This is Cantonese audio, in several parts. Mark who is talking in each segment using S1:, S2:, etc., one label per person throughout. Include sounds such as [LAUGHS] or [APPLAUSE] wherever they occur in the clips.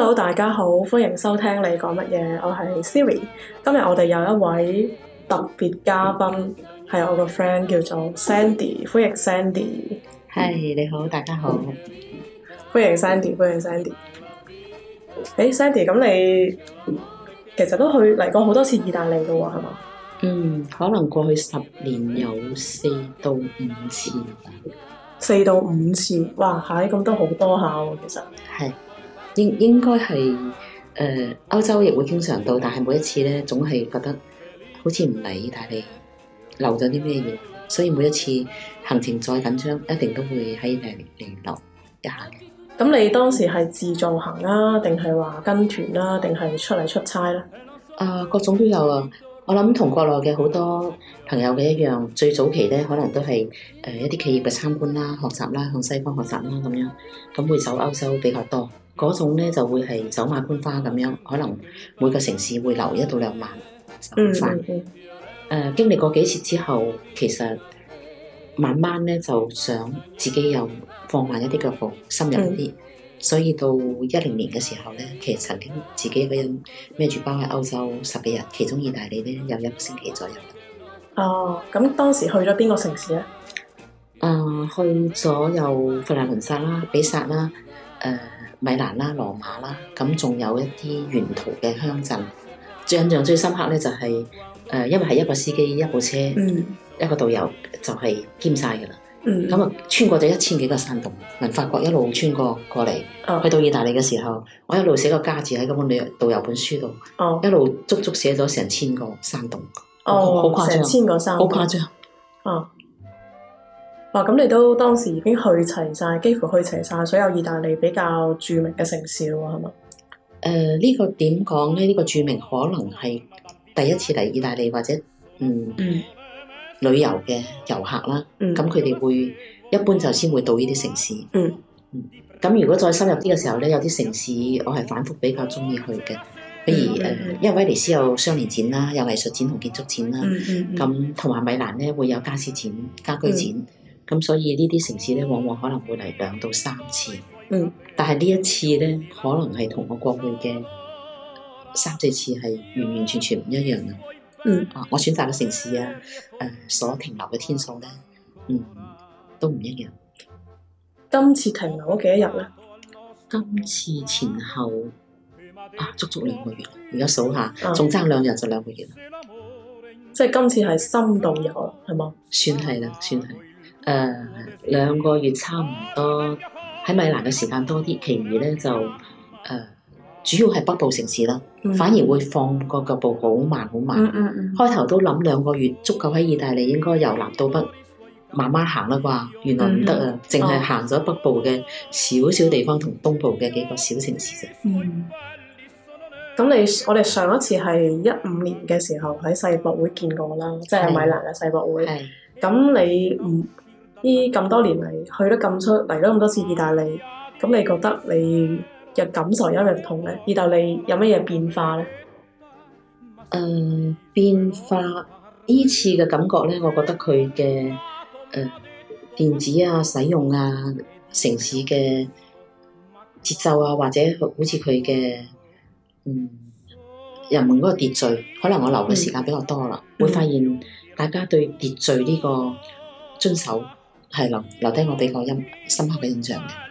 S1: Hello，大家好，歡迎收聽你講乜嘢，我係 Siri。今日我哋有一位特別嘉賓，係、嗯、我個 friend 叫做 Sandy，歡迎 Sandy。係、hey，你好，大家好，歡迎 Sandy，歡迎、欸、Sandy。誒，Sandy，咁你其實都去嚟過好多次意大利噶喎，係嘛？嗯，
S2: 可能過去十年有四到五次，
S1: 四到五次，哇，嗨、哎，咁都好多下喎、啊，其實係。應應
S2: 該係誒，歐洲亦會經常到，但係每一次呢，總係覺得好似唔嚟，但係留咗啲咩嘢，所以每一次行程再緊張，一定都會喺嚟留
S1: 一下嘅。咁你當時係自助行啊，定係話跟團啦、啊，定係出嚟出差咧？誒、呃，各種都有啊。我諗
S2: 同國內嘅好多朋友嘅一樣，最早期咧可能都係誒、呃、一啲企業嘅參觀啦、學習啦、向西方學習啦咁樣，咁會走歐洲比較多。嗰種咧就會係走馬觀花咁樣，可能每個城市會留一到兩晚。嗯嗯嗯。
S1: 誒、hmm.
S2: 呃，經歷過幾次之後，其實慢慢咧就想自己又放慢一啲腳步，深入一啲。Mm hmm. 所以到一零年嘅時候呢，其實曾經自己一個人孭住包喺歐洲十幾日，其中意大利呢有一個星期左右哦，
S1: 咁當時去咗邊個城市咧？
S2: 啊、呃，去咗有佛羅倫薩啦、比薩啦、誒、呃、米蘭啦、羅馬啦，咁、嗯、仲有一啲沿途嘅鄉鎮。最印象最深刻咧就係、是、誒、呃，因為係一個司機、一部車、嗯、一個導遊就係兼晒噶啦。咁啊、嗯，穿過咗一千幾個山洞，法國一路穿過過嚟，哦、去到意大利嘅時候，我一路寫個家字喺咁個旅遊導遊本書度，哦、一路足足寫咗成千個山洞，
S1: 哦，好誇張，成千個山洞，好誇張，哦，哇！咁你都當時已經去齊晒，幾乎去齊晒所有意大利比較著名嘅城市啦？喎，係嘛、呃？誒、
S2: 這個，呢個點講咧？呢個著名可能係第一次嚟意大利，或者嗯。嗯旅遊嘅遊客啦，咁佢哋會一般就先會到呢啲城市。
S1: 嗯，
S2: 咁、嗯、如果再深入啲嘅時候咧，有啲城市我係反覆比較鍾意去嘅，譬如誒，嗯呃、因為威尼斯有雙年展啦，有藝術展同建築展啦。嗯咁同埋米蘭咧會有家私展、家居展，咁、嗯嗯、所以呢啲城市咧往往可能會嚟兩到三次。嗯。但係呢一次咧，可能係同我過去嘅三、四次係完完全全唔一樣啦。嗯啊、我選擇嘅城市啊，誒、呃，所停留嘅天數咧，嗯，都唔一樣。
S1: 今次停留咗幾多日咧？
S2: 今次前後啊，足足兩個月。而家數下，仲爭兩日就兩個月啦。
S1: 即係今次係深度遊，係冇？
S2: 算係啦，算係、呃。誒，兩個月差唔多，喺米蘭嘅時間多啲，其餘咧就誒、呃，主要係北部城市啦。反而會放個腳步好慢好慢，嗯嗯嗯、開頭都諗兩個月足夠，喺意大利應該由南到北慢慢行啦啩，原來唔得啊，淨係行咗北部嘅少少地方同東部嘅幾個小城市啫。嗯，
S1: 咁你我哋上一次係一五年嘅時候喺世博會見過啦，即係米蘭嘅世博會。咁是你呢咁多年嚟去得咁出嚟咗咁多次意大利，咁你覺得你？又感受痛有咩唔同咧？意大利有乜嘢變化呢？誒、呃，變化
S2: 呢次嘅感覺呢？我覺得佢嘅誒電子啊、使用啊、城市嘅節奏啊，或者好似佢嘅嗯人們嗰個秩序，可能我留嘅時間比較多啦，嗯、會發現大家對秩序呢個遵守係留留低我比較深刻嘅印象嘅。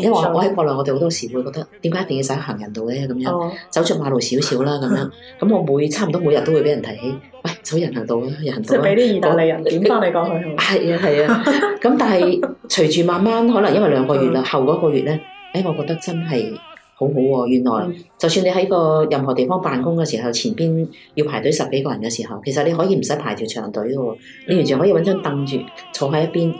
S2: 因為我喺國內，我哋好多時候會覺得點解一定要使行人道呢？咁樣、哦、走出馬路少少啦，咁樣咁我每差唔多每日都會俾人提起，喂，走人行道啦，人行道啦。係啲
S1: 意大利人點翻嚟講佢？係啊
S2: 係啊，咁、啊啊、但係隨住慢慢可能因為兩個月啦，嗯、後嗰個月呢，哎，我覺得真係好好、啊、喎！原來、嗯、就算你喺個任何地方辦公嘅時候，前邊要排隊十幾個人嘅時候，其實你可以唔使排條長隊喎，你完全可以揾張凳住坐喺一邊，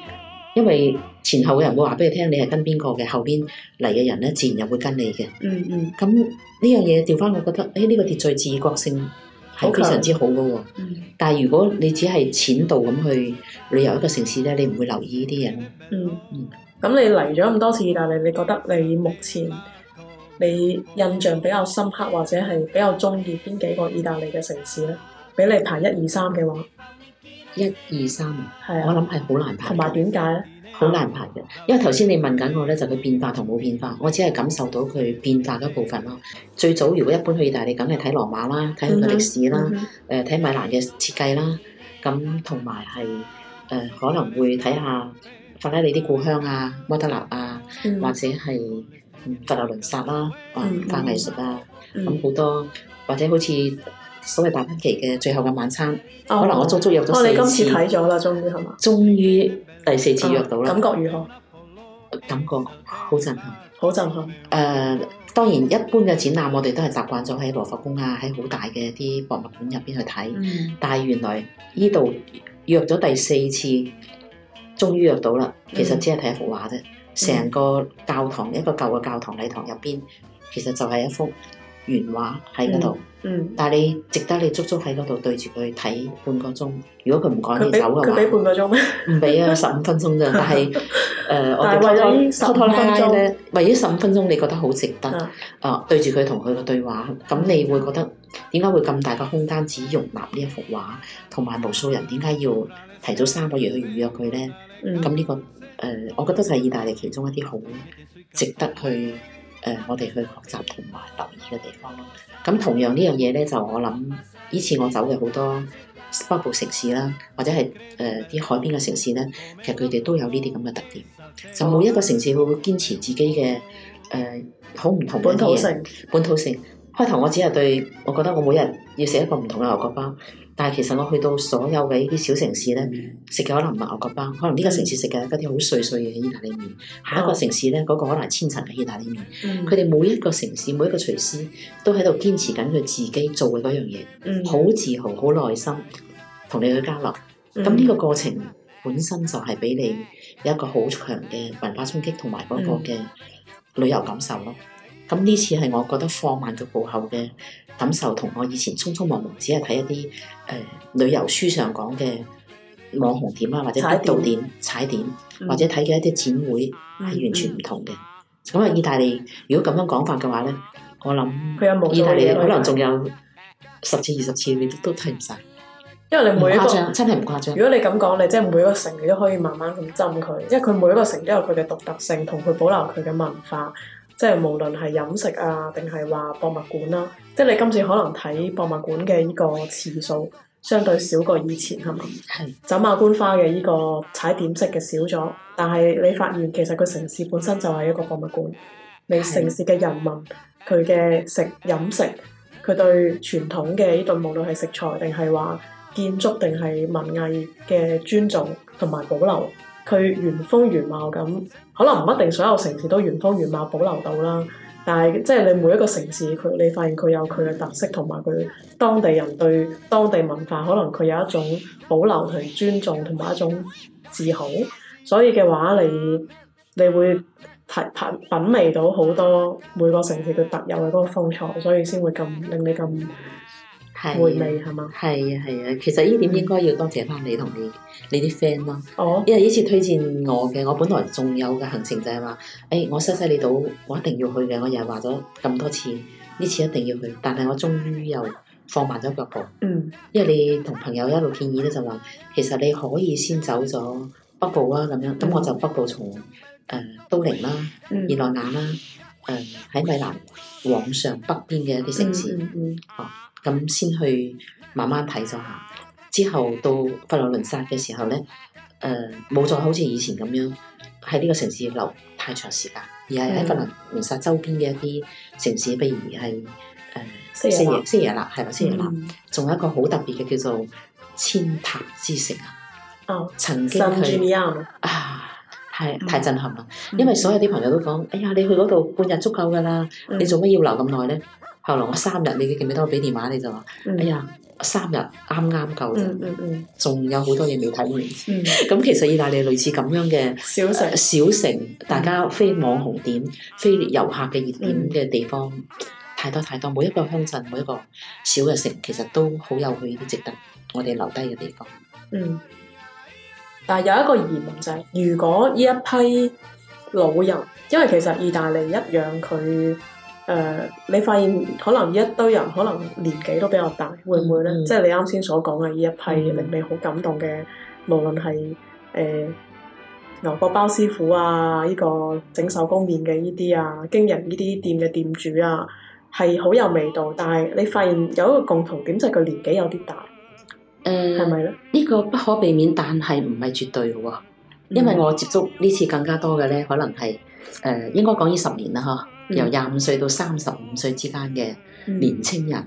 S2: 因為。前後嘅人會話俾你聽，你係跟邊個嘅，後邊嚟嘅人咧，自然又會跟你嘅、嗯。嗯嗯。咁呢樣嘢調翻，我覺得，誒、哎，呢、這個秩序自覺性係非常之好噶喎。Okay, 嗯。但係如果你只係淺度咁去旅遊一個城市咧，你唔會留意呢啲人。嗯嗯。咁、嗯
S1: 嗯、你嚟咗咁多次意大利，你覺得你目前你印象比較深刻或者係比較中意邊幾個意大利嘅城市咧？俾你排一二三嘅話，一二三，係啊，我諗係好難排。同埋點解咧？好
S2: 難拍嘅，因為頭先你問緊我咧，就佢、是、變化同冇變化，我只係感受到佢變化嗰部分咯。最早如果一般去意大利咁，係睇羅馬啦，睇佢嘅歷史啦，誒睇、mm hmm. 呃、米蘭嘅設計啦，咁同埋係誒可能會睇下法拉利啲故鄉啊，摩德納啊，mm hmm. 或者係佛羅倫薩啦，文化藝術啊，咁好多，或者好似所謂達芬奇嘅最後嘅晚餐，哦、可能我足足有咗四次、哦。你今次睇
S1: 咗啦，終於係嘛？
S2: 終於。第四次約到啦、啊，感覺如何？感覺好震撼，好震撼。誒、呃，當然一般嘅展覽，我哋都係習慣咗喺羅浮宮啊，喺好大嘅啲博物館入邊去睇。嗯、但係原來呢度約咗第四次，終於約到啦。其實只係睇一幅畫啫，成、嗯、個教堂、嗯、一個舊嘅教堂禮堂入邊，其實就係一幅原畫喺嗰度，um, um, 但係你值得你足足喺嗰度對住佢睇半個鐘。如果佢唔趕你走嘅話，佢俾半個鐘咩？唔俾啊，十五分鐘咋。但係誒，我哋為咗十五分鐘咧，為咗十五分鐘，你覺得好值得、嗯、啊？對住佢同佢嘅對話，咁你會覺得點解會咁大嘅空間只容納呢一幅畫，同埋無數人點解要提早三個月去預約佢咧？咁呢、嗯呢個誒、呃，我覺得就係意大利其中一啲好值得去。誒、呃，我哋去學習同埋留意嘅地方咯。咁同樣呢樣嘢咧，就我諗，以前我走嘅好多北部城市啦，或者係誒啲海邊嘅城市咧，其實佢哋都有呢啲咁嘅特點。就每一個城市佢會堅持自己嘅誒好唔同嘅嘢，本土性。本土性。開頭我只係對，我覺得我每日要食一個唔同嘅牛角包，但係其實我去到所有嘅依啲小城市咧，食嘅可能唔係牛角包，可能呢個城市食嘅嗰啲好碎碎嘅意大利麵，
S1: 下一個城
S2: 市咧嗰、嗰個可能係千層嘅意大利麵，佢哋、哦、每一個城市每一個廚師都喺度堅持緊佢自己做嘅嗰樣嘢，好、嗯、自豪好耐心同你去交流，咁呢、嗯、個過程本身就係俾你有一個好強嘅文化衝擊同埋嗰個嘅旅遊感受咯。咁呢次係我覺得放慢咗步後嘅感受，同我以前匆匆忙忙只係睇一啲誒、呃、旅遊書上講嘅網紅點啊，嗯、或者喺度點、踩點電，電或者睇嘅一啲展會
S1: 係、嗯、完全唔
S2: 同嘅。咁啊、嗯，意大利如果咁樣講法嘅話咧，我諗佢有冇意大利可能仲有十次二十次，你都睇唔晒，
S1: 因為你每一個真係唔誇張。誇張，如果你咁講，你即係每一個城你都可以慢慢咁浸佢，因為佢每一個城都有佢嘅獨特性同佢保留佢嘅文化。即係無論係飲食啊，定係話博物館啦、啊，即係你今次可能睇博物館嘅呢個次數相對少過以前，係咪？係的。走馬觀花嘅呢個踩點式嘅少咗，但係你發現其實個城市本身就係一個博物館，的你城市嘅人民佢嘅食飲食，佢對傳統嘅呢度無論係食材定係話建築定係文藝嘅尊重同埋保留。佢原風原貌咁，可能唔一定所有城市都原風原貌保留到啦。但係即係你每一個城市，佢你發現佢有佢嘅特色，同埋佢當地人對當地文化，可能佢有一種保留同尊重，同埋一種自豪。所以嘅話你，你你會品品品味到好多每個城市佢特有嘅嗰個風采，所以先會咁令你咁。回味係嘛？係啊係啊，其實呢點應
S2: 該要多謝翻你同你你啲 friend 咯。哦，因為呢次推薦我嘅，我本來仲有嘅行程就係、是、話，誒、哎、我西西里島我一定要去嘅，我又話咗咁多次呢次一定要去，但係我終於又放慢咗腳步。嗯，因為你同朋友一路建議咧，就話其實你可以先走咗北部啊咁樣，咁、嗯、我就北部從誒、呃、都靈啦、熱那亞啦，誒、呃、喺米蘭往上北邊嘅一啲城市。嗯嗯。哦、嗯。嗯咁先去慢慢睇咗下，之後到佛羅倫薩嘅時候咧，誒、呃、冇再好似以前咁樣喺呢個城市留太長時間，而係喺佛羅倫薩周邊嘅一啲城市，譬如係星、
S1: 呃、錫耶納、錫
S2: 耶納啦，係嘛錫耶納啦，仲有一個好特別嘅叫做千塔之城啊！哦，震撼住你啊！啊，太震撼啦！嗯、因為所有啲朋友都講：哎呀，你去嗰度半日足夠㗎啦，你做咩要留咁耐咧？嗯後來我三日，你記唔記得我俾電話你就話，嗯、哎呀，三日啱啱夠啫，仲、嗯嗯嗯、有好多嘢未睇完。咁其實意大利類似咁樣嘅小城、呃、小城，大家非網紅點、嗯嗯、非遊客嘅熱點嘅地方太多太多，每一個鄉鎮、每一個小嘅城，其實都好有趣嘅值得我哋
S1: 留低嘅地方。嗯，但係有一個疑問就係、是，如果呢一批老人，因為其實意大利一樣佢。誒、呃，你發現可能一堆人可能年紀都比較大，會唔會咧？嗯、即係你啱先所講嘅呢一批令你好感動嘅，無論係誒、呃、牛角包師傅啊，呢、這個整手工麵嘅呢啲啊，經營呢啲店嘅店主啊，係好有味道。但係你發現有一個共同點，就係佢年紀有啲大，誒、呃，係咪咧？呢個不可避免，但係唔係絕對嘅，因為我接觸呢次
S2: 更加多嘅咧，可能係誒、呃，應該講呢十年啦，吓。由廿五歲到三十五歲之間嘅年青人，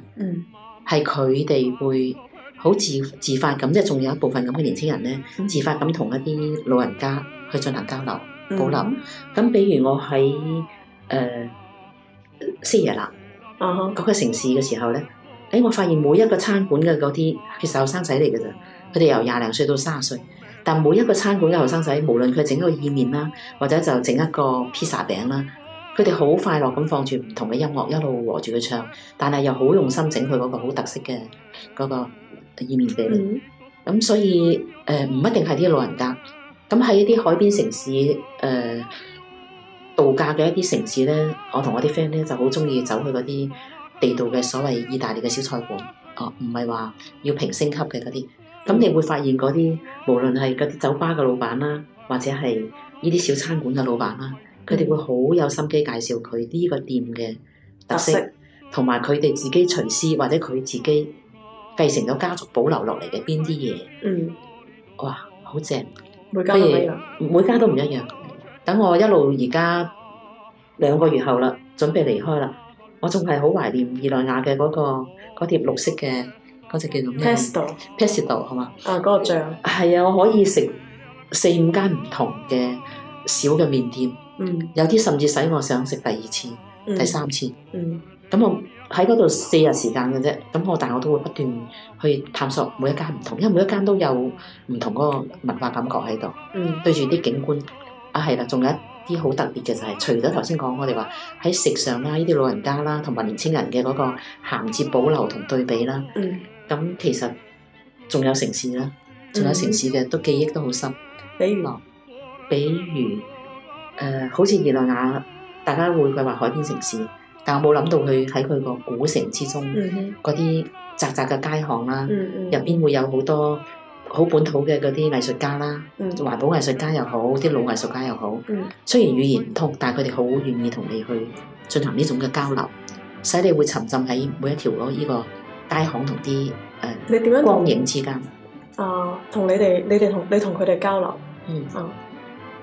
S2: 係佢哋會好自自發咁，即仲有一部分咁嘅年青人呢，嗯、自發咁同一啲老人家去進行交流、保留。咁、嗯，比如我喺錫耶納，嗰、呃哦、個城市嘅時候呢，誒、欸，我發現每一個餐館嘅嗰啲其實係後生仔嚟嘅咋，佢哋由廿零歲到三十歲，但每一個餐館嘅後生仔，無論佢整一個意麵啦，或者就整一個披薩餅啦。佢哋好快樂咁放住唔同嘅音樂，一路和住佢唱，但係又好用心整佢嗰個好特色嘅嗰個意麵俾你。咁、嗯、所以誒，唔、呃、一定係啲老人家。咁喺一啲海邊城市誒、呃、度假嘅一啲城市咧，我同我啲 friend 咧就好中意走去嗰啲地道嘅所謂意大利嘅小菜館。哦，唔係話要評星級嘅嗰啲。咁你會發現嗰啲無論係嗰啲酒吧嘅老闆啦，或者係呢啲小餐館嘅老闆啦。佢哋、嗯、會好有心機介紹佢呢個店嘅特色，同埋佢哋自己廚師或者佢自己繼承咗家族保留落嚟嘅邊啲嘢。
S1: 嗯，
S2: 哇，好正！
S1: 每家唔一樣，
S2: 每家都唔一樣。等我一路而家兩個月後啦，準備離開啦，我仲係好懷念熱那亞嘅嗰、那個嗰碟綠色嘅嗰隻叫做咩？pesto pesto 係嘛？P esto, esto, 啊，嗰、那個醬係啊，我可以食四五間唔同嘅。小嘅麵店，嗯、有啲甚至使我想食第二次、嗯、第三次。咁、嗯、我喺嗰度四日時間嘅啫，咁我但係我都會不斷去探索每一間唔同，因為每一間都有唔同嗰個文化感覺喺度。嗯、對住啲景觀，啊係啦，仲有一啲好特別嘅就係、是、除咗頭先講我哋話喺食上啦，呢啲老人家啦，同埋年青人嘅嗰個銜接保留同對比啦。咁、嗯、其實仲有城市啦，
S1: 仲有城市
S2: 嘅都、嗯、記憶都好深。比如比如，誒、呃、好似熱那亞，大家會佢話海邊城市，但我冇諗到佢喺佢個古城之中，嗰啲、嗯、哼窄窄嘅街巷啦、啊，入邊、嗯嗯、會有好多好本土嘅嗰啲藝術家啦、啊，環、嗯、保藝術家又好，啲老藝術家又好。嗯、雖然語言唔通，但係佢哋好願意同你去進行呢種嘅交流，使你會沉浸喺每一條嗰呢個街巷同啲誒光影之間。
S1: 啊，同你哋，你哋同你同佢哋交流。嗯。嗯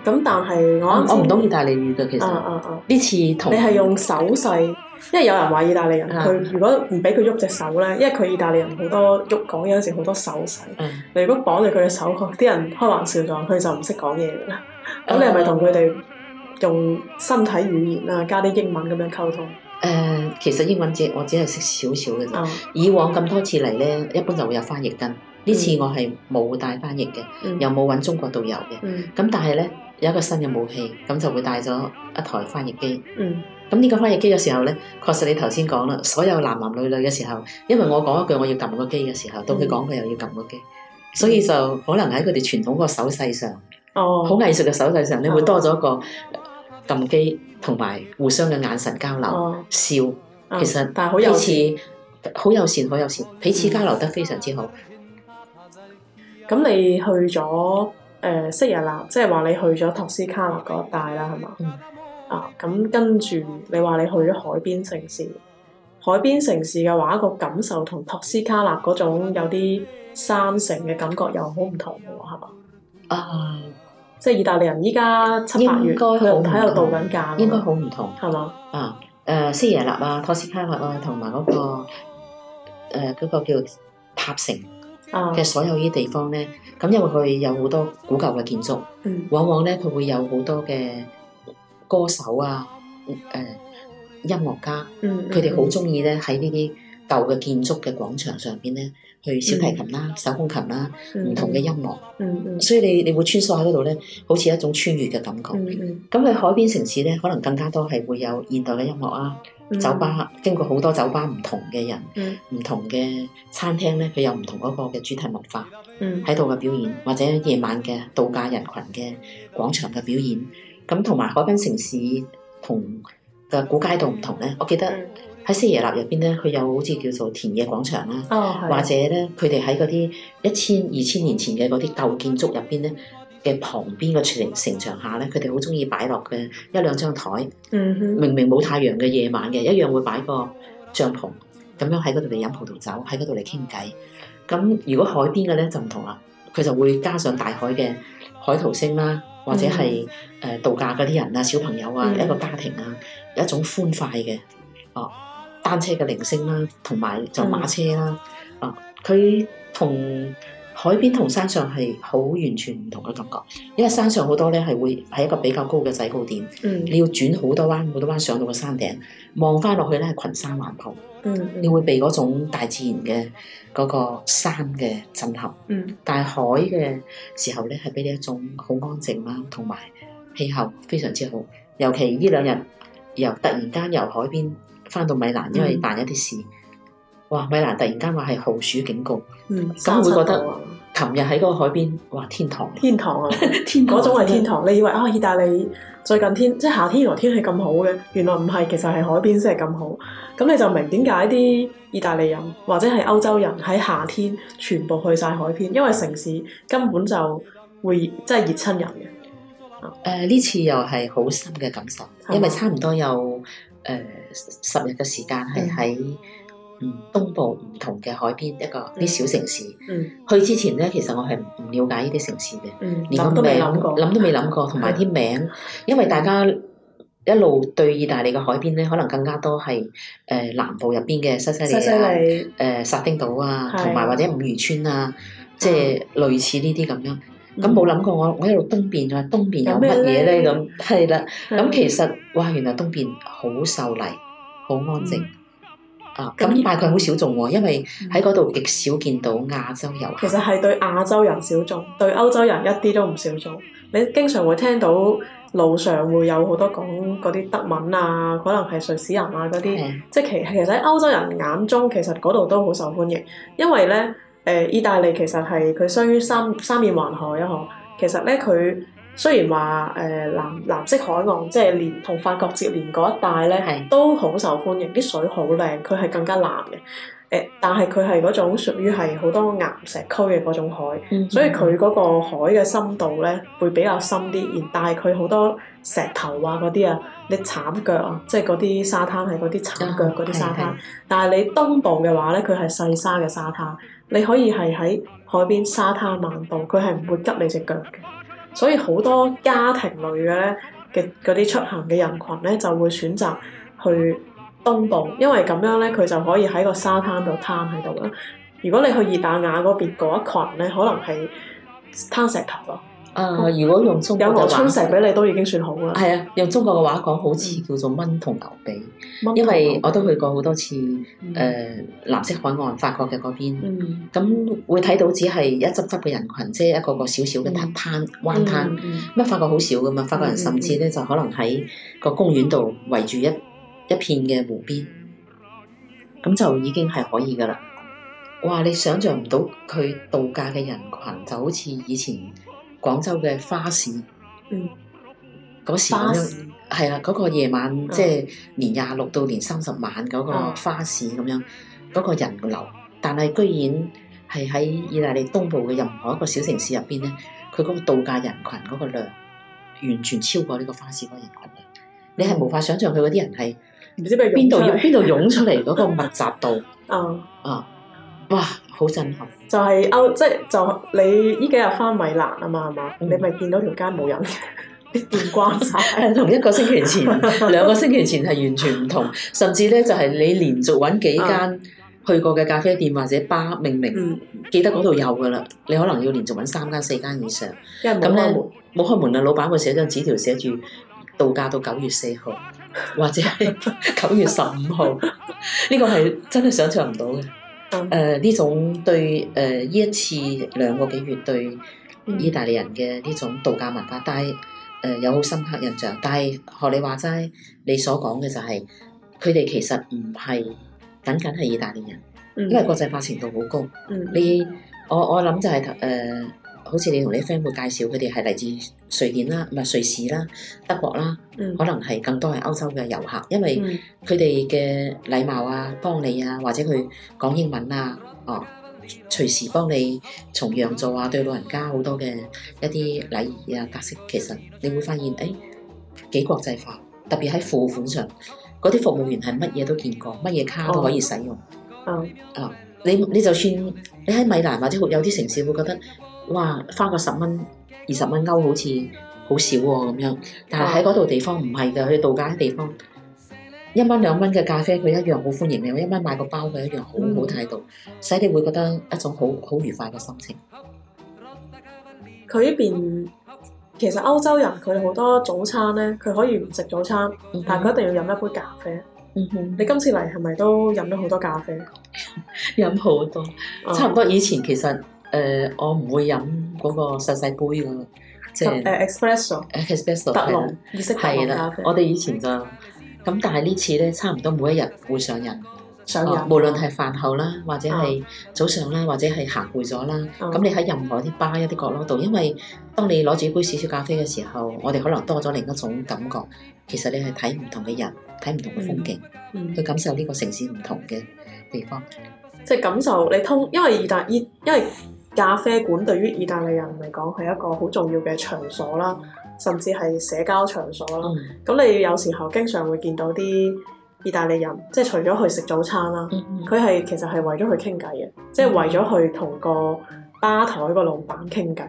S1: 咁但係我、啊、我唔懂意大
S2: 利語嘅其實，呢、啊啊、次同你係用
S1: 手勢，嗯、因為有人話意大利人佢、啊、如果唔畀佢喐隻手咧，啊、因為佢意大利人好多喐講有時好多手勢，啊、你如果綁住佢嘅手，啲人開玩笑講佢就唔識講嘢啦。咁、啊、你係咪同佢哋用身體語言啊，加啲英文咁樣溝通？
S2: 誒、啊，其實英文啫我只係識少少嘅啫。啊、以往咁多次嚟咧，一般就會有翻譯跟。呢次我係冇帶翻譯嘅，嗯、又冇揾中國導遊嘅，咁、嗯、但係呢，有一個新嘅武器，咁就會帶咗一台翻譯機。咁呢、嗯、個翻譯機嘅時候呢，確實你頭先講啦，所有男男女女嘅時候，因為我講一句我要撳個機嘅時候，到佢講佢又要撳個機，嗯、所以就可能喺佢哋傳統個手勢上，好藝術嘅手勢上，你會多咗一個撳機同埋互相嘅眼神交流、哦、笑，其實
S1: 但係彼此好友善、好友善，彼此交流得非常之好。咁你去咗誒錫耶納，即係話你去咗托斯卡納嗰帶啦，係嘛？嗯、啊，咁跟住你話你去咗海邊城市，海邊城市嘅話個感受同托斯卡納嗰種有啲山城嘅感覺又好唔同嘅喎，啊，即係意大利人依家七，
S2: 該同七八月佢又喺度度緊假，應該好唔同係嘛？吧啊，誒、呃、錫耶納啊，托斯卡納啊，同埋嗰個誒嗰、呃嗰個叫塔城。嘅、啊、所有依啲地方咧，咁因為佢有好多古舊嘅建築，嗯、往往咧佢會有好多嘅歌手啊，誒、呃、音樂家，佢哋好中意咧喺呢啲舊嘅建築嘅廣場上邊咧，去小提琴啦、啊、嗯、手風琴啦、啊、唔、嗯、同嘅音樂，嗯嗯嗯、所以你你會穿梭喺嗰度咧，好似一種穿越嘅感覺。咁喺、嗯嗯嗯嗯、海邊城市咧，可能更加多係會有現代嘅音樂啊。酒吧、嗯、經過好多酒吧唔同嘅人，唔、嗯、同嘅餐廳咧，佢有唔同嗰個嘅主題文化喺度嘅表演，嗯、或者夜晚嘅度假人群嘅廣場嘅表演，咁同埋海濱城市同嘅古街道唔同呢。我記得喺錫耶納入邊呢，佢有好似叫做田野廣場啦、啊，哦、或者呢，佢哋喺嗰啲一千二千年前嘅嗰啲舊建築入邊呢。嘅旁邊嘅城城牆下咧，佢哋好中意擺落嘅一兩張台，嗯、
S1: 哼明明
S2: 冇太陽嘅夜晚嘅一樣會擺個帳篷，咁樣喺嗰度嚟飲葡萄酒，喺嗰度嚟傾偈。咁如果海邊嘅咧就唔同啦，佢就會加上大海嘅海濤聲啦，或者係誒、嗯呃、度假嗰啲人啊、小朋友啊、嗯、一個家庭啊，一種歡快嘅哦，單車嘅鈴聲啦，同埋就馬車啦，嗯、啊佢同。海邊同山上係好完全唔同嘅感覺，因為山上好多咧係會喺一個比較高嘅制高點，嗯、你要轉好多彎，好多彎上到個山頂，望翻落去咧係群山環抱，嗯、你會被嗰種大自然嘅嗰、嗰個山嘅震撼。嗯、但係海嘅時候咧係俾你一種好安靜啦、啊，同埋氣候非常之好。尤其呢兩日由突然間由海邊翻到米蘭，因為辦一啲事。嗯哇！米蘭突然間話係豪暑警告，
S1: 嗯，咁會覺得琴日喺嗰個海邊話天堂，天堂啊，嗰種係天堂。你以為啊、哦，意大利最近天即係夏天原來天氣咁好嘅？原來唔係，其實係海邊先係咁好。咁你就明點解啲意大利人或者係歐洲人喺夏天全部去晒海邊，因為城市根本就會即係熱親人嘅。誒、嗯、呢、呃、次
S2: 又係好深嘅感受，因為差唔多有誒、呃、十日嘅時間係喺、嗯。東部唔同嘅海邊一個啲小城市，去之前呢，其實我係唔了解呢啲城市嘅，連個名諗都未諗過，同埋啲名，因為大家一路對意大利嘅海邊呢，可能更加多係誒南部入邊嘅西西里啊，誒撒丁島啊，同埋或者五漁村啊，即係類似呢啲咁樣，咁冇諗過我我一路東邊，東邊有乜嘢呢？咁係啦，咁其實哇，原來東邊好秀麗，好安靜。
S1: 啊，咁大佢好少眾喎，因為喺嗰度極少見到亞洲遊客。其實係對亞洲人少眾，對歐洲人一啲都唔少眾。你經常會聽到路上會有好多講嗰啲德文啊，可能係瑞士人啊嗰啲。的即其其實喺歐洲人眼中，其實嗰度都好受歡迎，因為咧，誒、呃，意大利其實係佢相於三三面環海啊，其實咧佢。雖然話誒、呃、藍藍色海岸，即係連同法國接連嗰一帶咧，的都好受歡迎，啲水好靚，佢係更加藍嘅。誒、呃，但係佢係嗰種屬於係好多岩石區嘅嗰種海，嗯、所以佢嗰個海嘅深度咧會比較深啲，然但係佢好多石頭啊嗰啲啊，你慘腳啊，即係嗰啲沙灘係嗰啲慘腳嗰啲沙灘。嗯、但係你東部嘅話咧，佢係細沙嘅沙灘，你可以係喺海邊沙灘漫步，佢係唔會急你隻腳嘅。所以好多家庭類嘅咧嘅嗰啲出行嘅人群咧，就會選擇去東部，因為咁樣咧佢就可以喺個沙灘度攤喺度啦。如果你去熱那亞嗰邊嗰一群咧，可能係攤石頭咯。啊！如果用中國有羅春俾你都已經算
S2: 好啦。係啊，用中國嘅話講，好似叫做蚊同牛鼻。因為我都去過好多次誒，藍色海岸法國嘅嗰邊，咁會睇到只係一執執嘅人群，即係一個個小小嘅灘灘灣灘，咁法國好少噶嘛，法國人甚至咧就可能喺個公園度圍住一一片嘅湖邊，咁就已經係可以噶啦。哇！你想象唔到佢度假嘅人群，就好似以前。廣州嘅花市，
S1: 嗯，
S2: 嗰時咁樣士、啊嗰個夜晚、嗯、即係年廿六到年三十晚嗰個花市咁樣，嗰、嗯、個人流，但係居然係喺意大利東部嘅任何一個小城市入邊咧，佢嗰個度假人群嗰個量，完全超過呢個花市嗰人群。嗯、你係無法想象佢嗰啲人係，唔知邊度邊度湧出嚟嗰個密集度，
S1: [LAUGHS]
S2: 哦、啊，哇！好震撼！
S1: 就係、是、歐，即係就你呢幾日翻米蘭啊嘛，係嘛？你咪見到條街冇人，啲店關
S2: 晒，同一個星期前、兩個星期前係完全唔同，甚至咧就係你連續揾幾間去過嘅咖啡店或者 Bar，明明記得嗰度有噶啦，嗯嗯、你可能要連續揾三間四間以上，咁咧冇開門啦，老闆會寫張紙條寫住度假到九月四號，或者係九月十五號，呢個係真係想象唔到嘅。誒呢、嗯呃、種對誒呢、呃、一次兩個幾月對意大利人嘅呢種度假文化，帶誒、嗯呃、有好深刻印象。但係學你話齋，你所講嘅就係佢哋其實唔係僅僅係意大利人，嗯、因為國際化程度好高。嗯、你我我諗就係、是、誒。呃好似你同你 friend 會介紹，佢哋係嚟自瑞典啦，唔係瑞士啦、德國啦，嗯、可能係更多係歐洲嘅遊客，因為佢哋嘅禮貌啊、幫你啊，或者佢講英文啊，哦，隨時幫你重樣做啊，對老人家好多嘅一啲禮儀啊、格式，其實你會發現誒幾、哎、國際化，特別喺付款上，嗰啲服務員係乜嘢都見過，乜嘢卡都可以使用。啊、哦哦哦，你你就算你喺米蘭或者有啲城市會覺得。哇！花個十蚊、二十蚊歐好似好少喎、哦、咁樣，但係喺嗰度地方唔係嘅，去度假嘅地方一蚊兩蚊嘅咖啡佢一樣好歡迎你，一蚊買個包佢一樣好好態、嗯、度，使你會覺得一種好好愉快嘅心情。
S1: 佢呢邊其實歐洲人佢好多早餐咧，佢可以唔食早餐，但係佢一定要飲一杯咖啡。嗯嗯、你今次嚟係咪都飲咗好多咖啡？
S2: 飲好 [LAUGHS] 多，嗯、差唔多以前其實。誒，我唔會飲嗰個細細杯㗎，即係誒 Expresso，Expresso 特濃意式咖啡。係啦，我哋以前就咁，但係呢次咧，差唔多每一日會上人，上人，無論係飯後啦，或者係早上啦，或者係行攰咗啦，咁你喺任何啲巴、一啲角落度，因為當你攞住杯小小咖啡嘅時候，我哋可能多咗另一種感覺。其實你係睇唔同嘅人，睇唔同嘅風景，去感受呢個城市唔同嘅地方。
S1: 即係感受你通，因為意大利，因為。咖啡館對於意大利人嚟講係一個好重要嘅場所啦，甚至係社交場所啦。咁、mm hmm. 你有時候經常會見到啲意大利人，即係除咗去食早餐啦，佢係、mm hmm. 其實係為咗去傾偈嘅，即係為咗去同個吧台個老闆傾偈，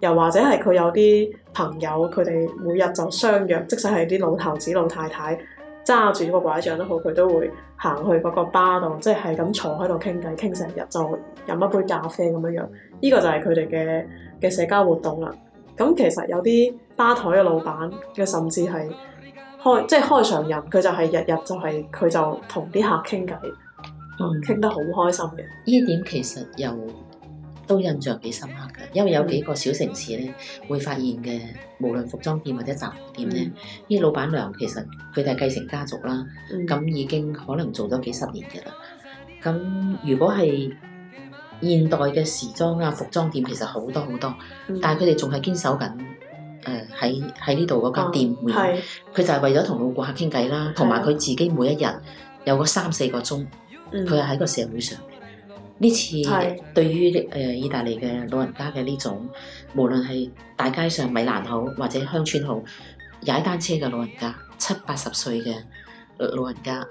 S1: 又或者係佢有啲朋友，佢哋每日就相約，即使係啲老頭子老太太。揸住一個拐杖都好，佢都會行去嗰個吧度，即係咁坐喺度傾偈，傾成日就飲一杯咖啡咁樣樣。呢、這個就係佢哋嘅嘅社交活動啦。咁、嗯、其實有啲吧台嘅老闆嘅，甚至係開即係開常人，佢就係日日就係、是、佢就同啲客傾偈，傾、嗯、得好開心嘅。呢、嗯、點其實又。都印象幾
S2: 深刻㗎，因為有幾個小城市咧，會發現嘅無論服裝店或者雜貨店咧，啲、嗯、老闆娘其實佢哋係繼承家族啦，咁、嗯、已經可能做咗幾十年嘅啦。咁如果係現代嘅時裝啊服裝店，其實好多好多，但係佢哋仲係堅守緊誒喺喺呢度嗰間店，佢就係為咗同老顧客傾偈啦，同埋佢自己每一日有個三四個鐘，佢係喺個社會上面。呢次對於誒、呃、意大利嘅老人家嘅呢種，無論係大街上米蘭好，或者鄉村好，踩單車嘅老人家，七八十歲嘅老人家，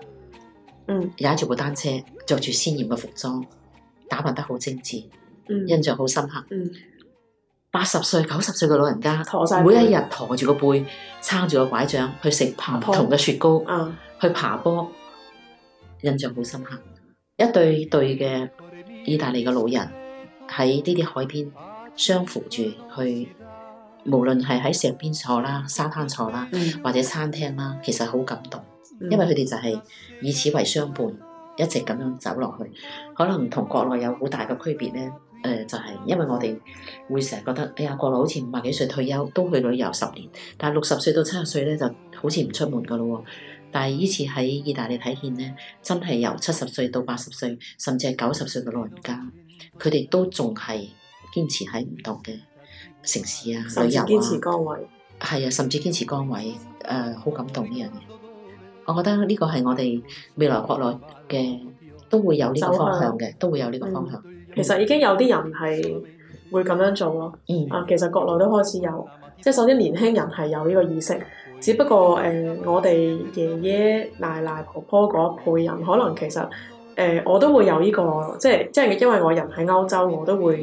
S2: 嗯，踩住部單車，着住鮮豔嘅服裝，打扮得好精緻，嗯、
S1: 印象
S2: 好深刻。八十歲、九十歲嘅老人家，每一日駝住個背撐住個拐杖去食刨蘿嘅雪糕，嗯嗯、去爬坡，印象好深刻。一對一對嘅。意大利嘅老人喺呢啲海邊相扶住去，無論係喺石邊坐啦、沙灘坐啦，或者餐廳啦，其實好感動，因為佢哋就係以此為相伴，一直咁樣走落去。可能同國內有好大嘅區別呢，誒、呃、就係、是、因為我哋會成日覺得，哎呀，國內好似五十幾歲退休都去旅遊十年，但係六十歲到七十歲呢，就好似唔出門噶咯。但係呢次喺意大利睇見咧，真係由七十歲到八十歲，甚至係九十歲嘅老人家，佢哋都仲係堅持喺唔同嘅城市啊，旅遊啊，堅持崗位，係啊，甚至堅持崗位，誒、呃，好感動呢樣嘢。我覺得呢個係我哋未來國內嘅都會有呢個方向嘅，都會有呢個方向。
S1: 其實已經有啲人係會咁樣做咯。嗯啊，其實國內都開始有，即係首先年輕人係有呢個意識。只不過誒、呃，我哋爺爺奶奶婆婆嗰一輩人，可能其實誒、呃，我都會有呢個，即係即係因為我人喺歐洲，我都會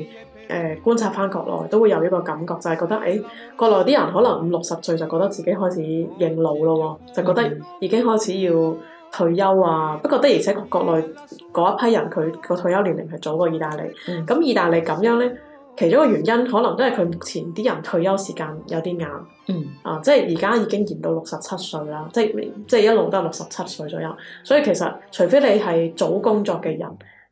S1: 誒、呃、觀察翻國內，都會有呢個感覺，就係、是、覺得誒、欸，國內啲人可能五六十歲就覺得自己開始認老咯，就覺得已經開始要退休啊。嗯、不過的而且確，國內嗰一批人佢個退休年齡係早過意大利。咁、嗯、意大利咁樣咧？其中一個原因可能都係佢目前啲人退休時間有啲晏，嗯啊，即係而家已經延到六十七歲啦，即係即係一路都係六十七歲左右，所以其實除非你係早工作嘅人，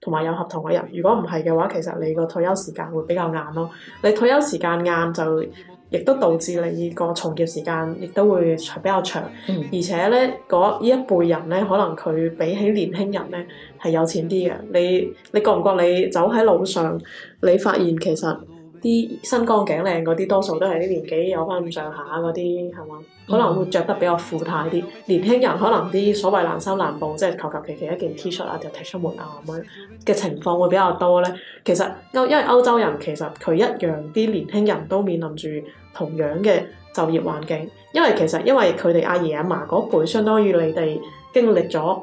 S1: 同埋有合同嘅人，如果唔係嘅話，其實你個退休時間會比較晏咯。你退休時間晏就，亦都導致你個從業時間亦都會比較長，嗯、而且咧呢一輩人咧，可能佢比起年輕人咧係有錢啲嘅。你你覺唔覺你走喺路上，你發現其實，啲身光頸靚嗰啲，多數都係啲年紀有翻咁上下嗰啲，係嘛？可能會着得比較富態啲。年輕人可能啲所謂爛衫爛布，即係求求其其一件 T 恤啊，就踢出門啊咁樣嘅情況會比較多咧。其實歐因為歐洲人其實佢一樣啲年輕人都面臨住同樣嘅就業環境，因為其實因為佢哋阿爺阿嫲嗰輩，相當於你哋經歷咗。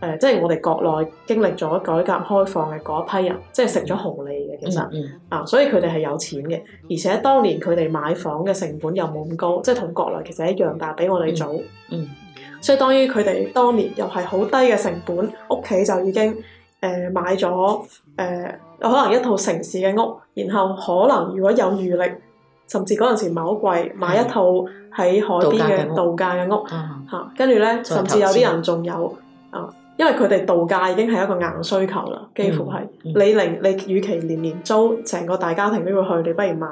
S1: 誒，即係我哋國內經歷咗改革開放嘅嗰批人，即係食咗紅利嘅，其實啊，所以佢哋係有錢嘅，而且當年佢哋買房嘅成本又冇咁高，即係同國內其實一樣，但係比我哋早。
S2: 嗯，
S1: 所以當於佢哋當年又係好低嘅成本，屋企就已經誒買咗誒，可能一套城市嘅屋，然後可能如果有餘力，甚至嗰陣時唔係好貴，買一套喺海邊嘅度假嘅屋嚇，跟住咧，甚至有啲人仲有啊。因為佢哋度假已經係一個硬需求啦，幾乎係、嗯嗯、你寧你與其年年租成個大家庭都要去，你不如買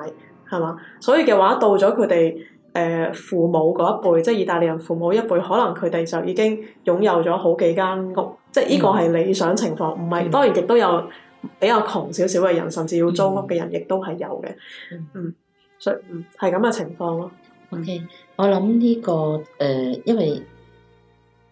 S1: 係嘛？所以嘅話到咗佢哋誒父母嗰一輩，即係意大利人父母一輩，可能佢哋就已經擁有咗好幾間屋，即係呢個係理想情況。唔係當然亦都有比較窮少少嘅人，甚至要租屋嘅人亦都係有嘅。嗯，嗯所以嗯係咁嘅情況咯。OK，我諗呢、這個
S2: 誒、呃，因為。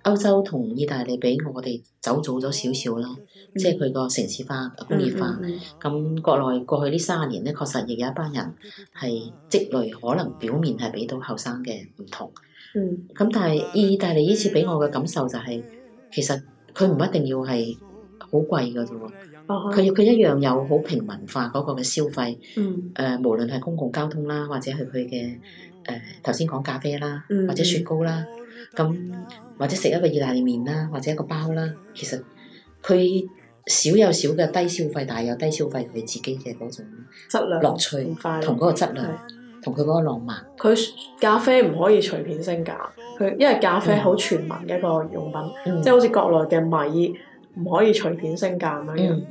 S2: 歐洲同意大利比我哋走早咗少少啦，嗯、即係佢個城市化、工業化。咁國內過去呢三廿年咧，確實亦有一班人係積累，可能表面係俾到後生嘅唔同。咁、嗯嗯嗯、但係意大利呢次俾我嘅感受就係、是，其實佢唔一定要係好貴㗎啫喎，
S1: 佢佢一樣
S2: 有好平民化嗰個嘅消費。誒、呃，無論係公共交通啦，或者係佢嘅。誒頭先講咖啡啦，嗯、或者雪糕啦，咁或者食一個意大利麵啦，或者一個包啦，其實佢少有少嘅低消費。嗯、但係有低消費佢自己嘅嗰種
S1: 質量樂趣同嗰個質量，同佢嗰個浪漫，佢咖啡唔可以隨便升價，佢因為咖啡好全民嘅一個用品，嗯、即係好似國內嘅米唔可以隨便升價咁樣樣。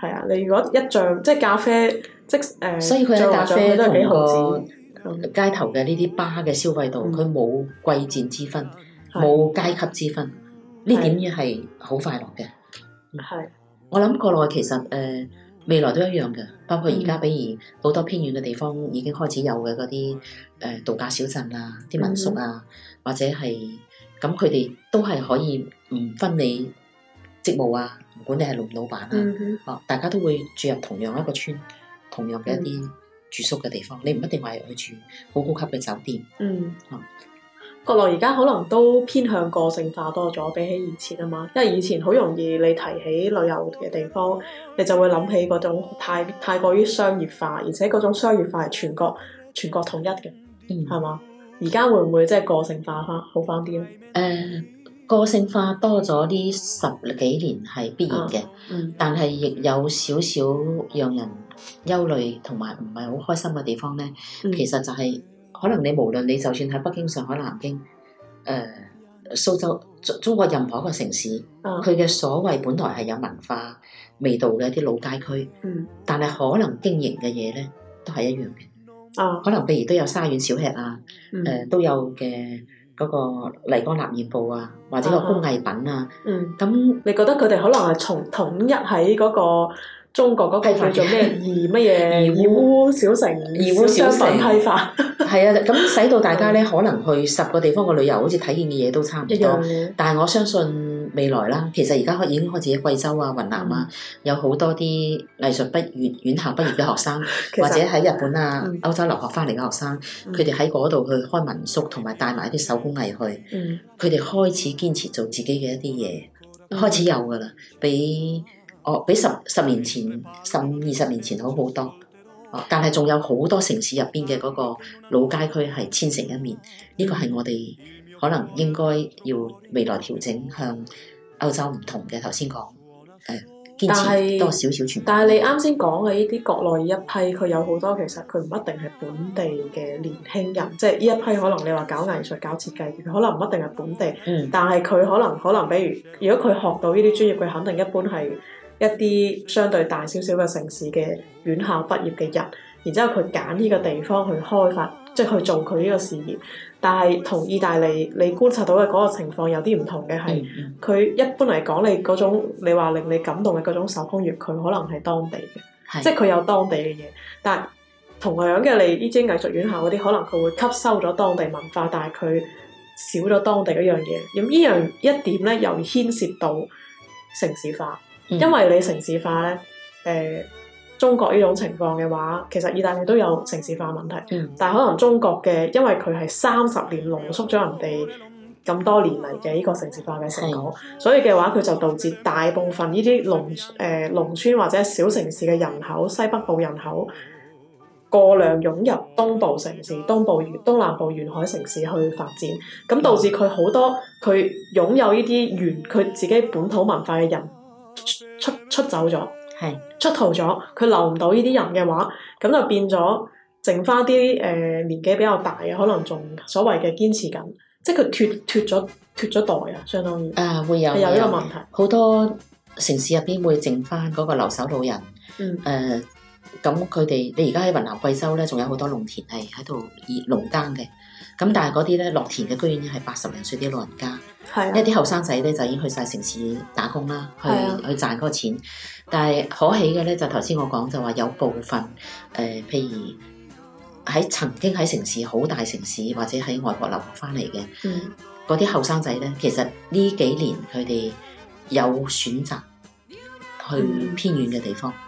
S1: 係啊、嗯嗯，你如果一像，即係咖啡即誒，呃、所以佢嘅咖啡都係幾毫子。
S2: 街頭嘅呢啲巴嘅消費度，佢冇、嗯、貴賤之分，冇的階級之分，
S1: 呢點嘢
S2: 係好快樂嘅。係的，我諗國內其實誒、呃、未來都一樣嘅，包括而家比如好多偏遠嘅地方已經開始有嘅嗰啲誒度假小鎮啦、啊、啲民宿啊，嗯、或者係咁佢哋都係可以唔分你職務啊，唔管你係老唔老闆啊，嗯嗯、大家都會住入同樣一個村，同樣嘅一啲。住宿嘅地方，你唔一定話要去住好高級嘅酒店。嗯，嗯，
S1: 國內而家可能都偏向個性化多咗，比起以前啊嘛。因為以前好容易你提起旅遊嘅地方，你就會諗起嗰種太太過於商業化，而且嗰種商業化係全國全國統一嘅，係嘛、嗯？而家會唔會即係個性化翻好翻啲咧？誒、呃，個性化多咗啲十幾年係
S2: 必然嘅，啊嗯、但係亦有少少讓人。憂慮同埋唔係好開心嘅地方呢，其實就係、是、可能你無論你就算喺北京、上海、南京、誒、呃、蘇州，中國任何一個城市，佢嘅、啊、所謂本來係有文化味道嘅一啲老街區，嗯、但係可能經營嘅嘢呢都係一樣嘅。啊、可能譬如都有沙縣小吃啊，誒、呃、都有嘅嗰個麗江蠟染布啊，或者個工藝品啊，啊。嗯，咁那你覺得佢哋可能
S1: 係從統一喺嗰、那個？中國嗰個做咩？義乜嘢？義烏小城，小商品批發。係啊，咁使到大家咧，可能去十個地方
S2: 嘅旅遊，好似體驗嘅嘢都差唔多一樣。但係我相信未來啦，其實而家已經開始喺貴州啊、雲南啊，有好多啲藝術畢業、院校畢業嘅學生，或者喺日本啊、歐洲留學翻嚟嘅學生，佢哋喺嗰度去開民宿，同埋帶埋啲手工藝去。佢哋開始堅持做自己嘅一啲嘢，開始有噶啦，俾。哦，比十十年前、十二十年前好好多，哦、但係仲有好多城市入邊嘅嗰個老街區係千城一面，呢、嗯、個係我哋可能應該要未來調整向歐洲唔同嘅頭先講，誒，堅、呃、持多少少錢。但係你
S1: 啱先講嘅呢啲國內一批，佢有好多其實佢唔一定係本地嘅年輕人，即係呢一批可能你話搞藝術、搞設計，可能唔一定係本地，嗯、但係佢可能可能比如，如果佢學到呢啲專業，佢肯定一般係。一啲相對大少少嘅城市嘅院校畢業嘅人，然之後佢揀呢個地方去開發，即係去做佢呢個事業。但係同意大利你觀察到嘅嗰個情況有啲唔同嘅係，佢一般嚟講，你嗰種你話令你感動嘅嗰種手工業，佢可能係當地嘅，的即係佢有當地嘅嘢。但係同樣嘅，你呢啲藝術院校嗰啲，可能佢會吸收咗當地文化，但係佢少咗當地一樣嘢。咁呢樣一點咧，又牽涉到城市化。嗯、因為你城市化咧，誒、呃、中國呢種情況嘅話，其實意大利都有城市化問題，嗯、但係可能中國嘅，因為佢係三十年濃縮咗人哋咁多年嚟嘅呢個城市化嘅成果，嗯、所以嘅話，佢就導致大部分呢啲農誒農村或者小城市嘅人口，西北部人口過量湧入東部城市、東部東南部沿海城市去發展，咁導致佢好多佢擁有呢啲原佢自己本土文化嘅人。出出走咗，係是出逃咗，佢留唔到呢啲人嘅話，咁就變咗剩翻啲誒年紀比較大嘅，可能仲所謂嘅堅持緊，即係佢脫脫咗脫咗代啊，相當於誒、
S2: 呃、會有有呢個問題，好多城市入邊會剩翻嗰個留守老人，誒、嗯。呃咁佢哋，你而家喺雲南貴州咧，仲有好多農田係喺度熱農耕嘅。咁但係嗰啲咧落田嘅，居然係八十零歲啲老人家，一啲後生仔咧就已經去晒城市打工啦，去的去賺嗰個錢。但係可喜嘅咧，就頭先我講就話有部分誒，譬、呃、如喺曾經喺城市好大城市或者喺外國留學翻嚟嘅，嗰啲後生仔咧，其實呢幾年佢哋有選擇去偏遠嘅地方。嗯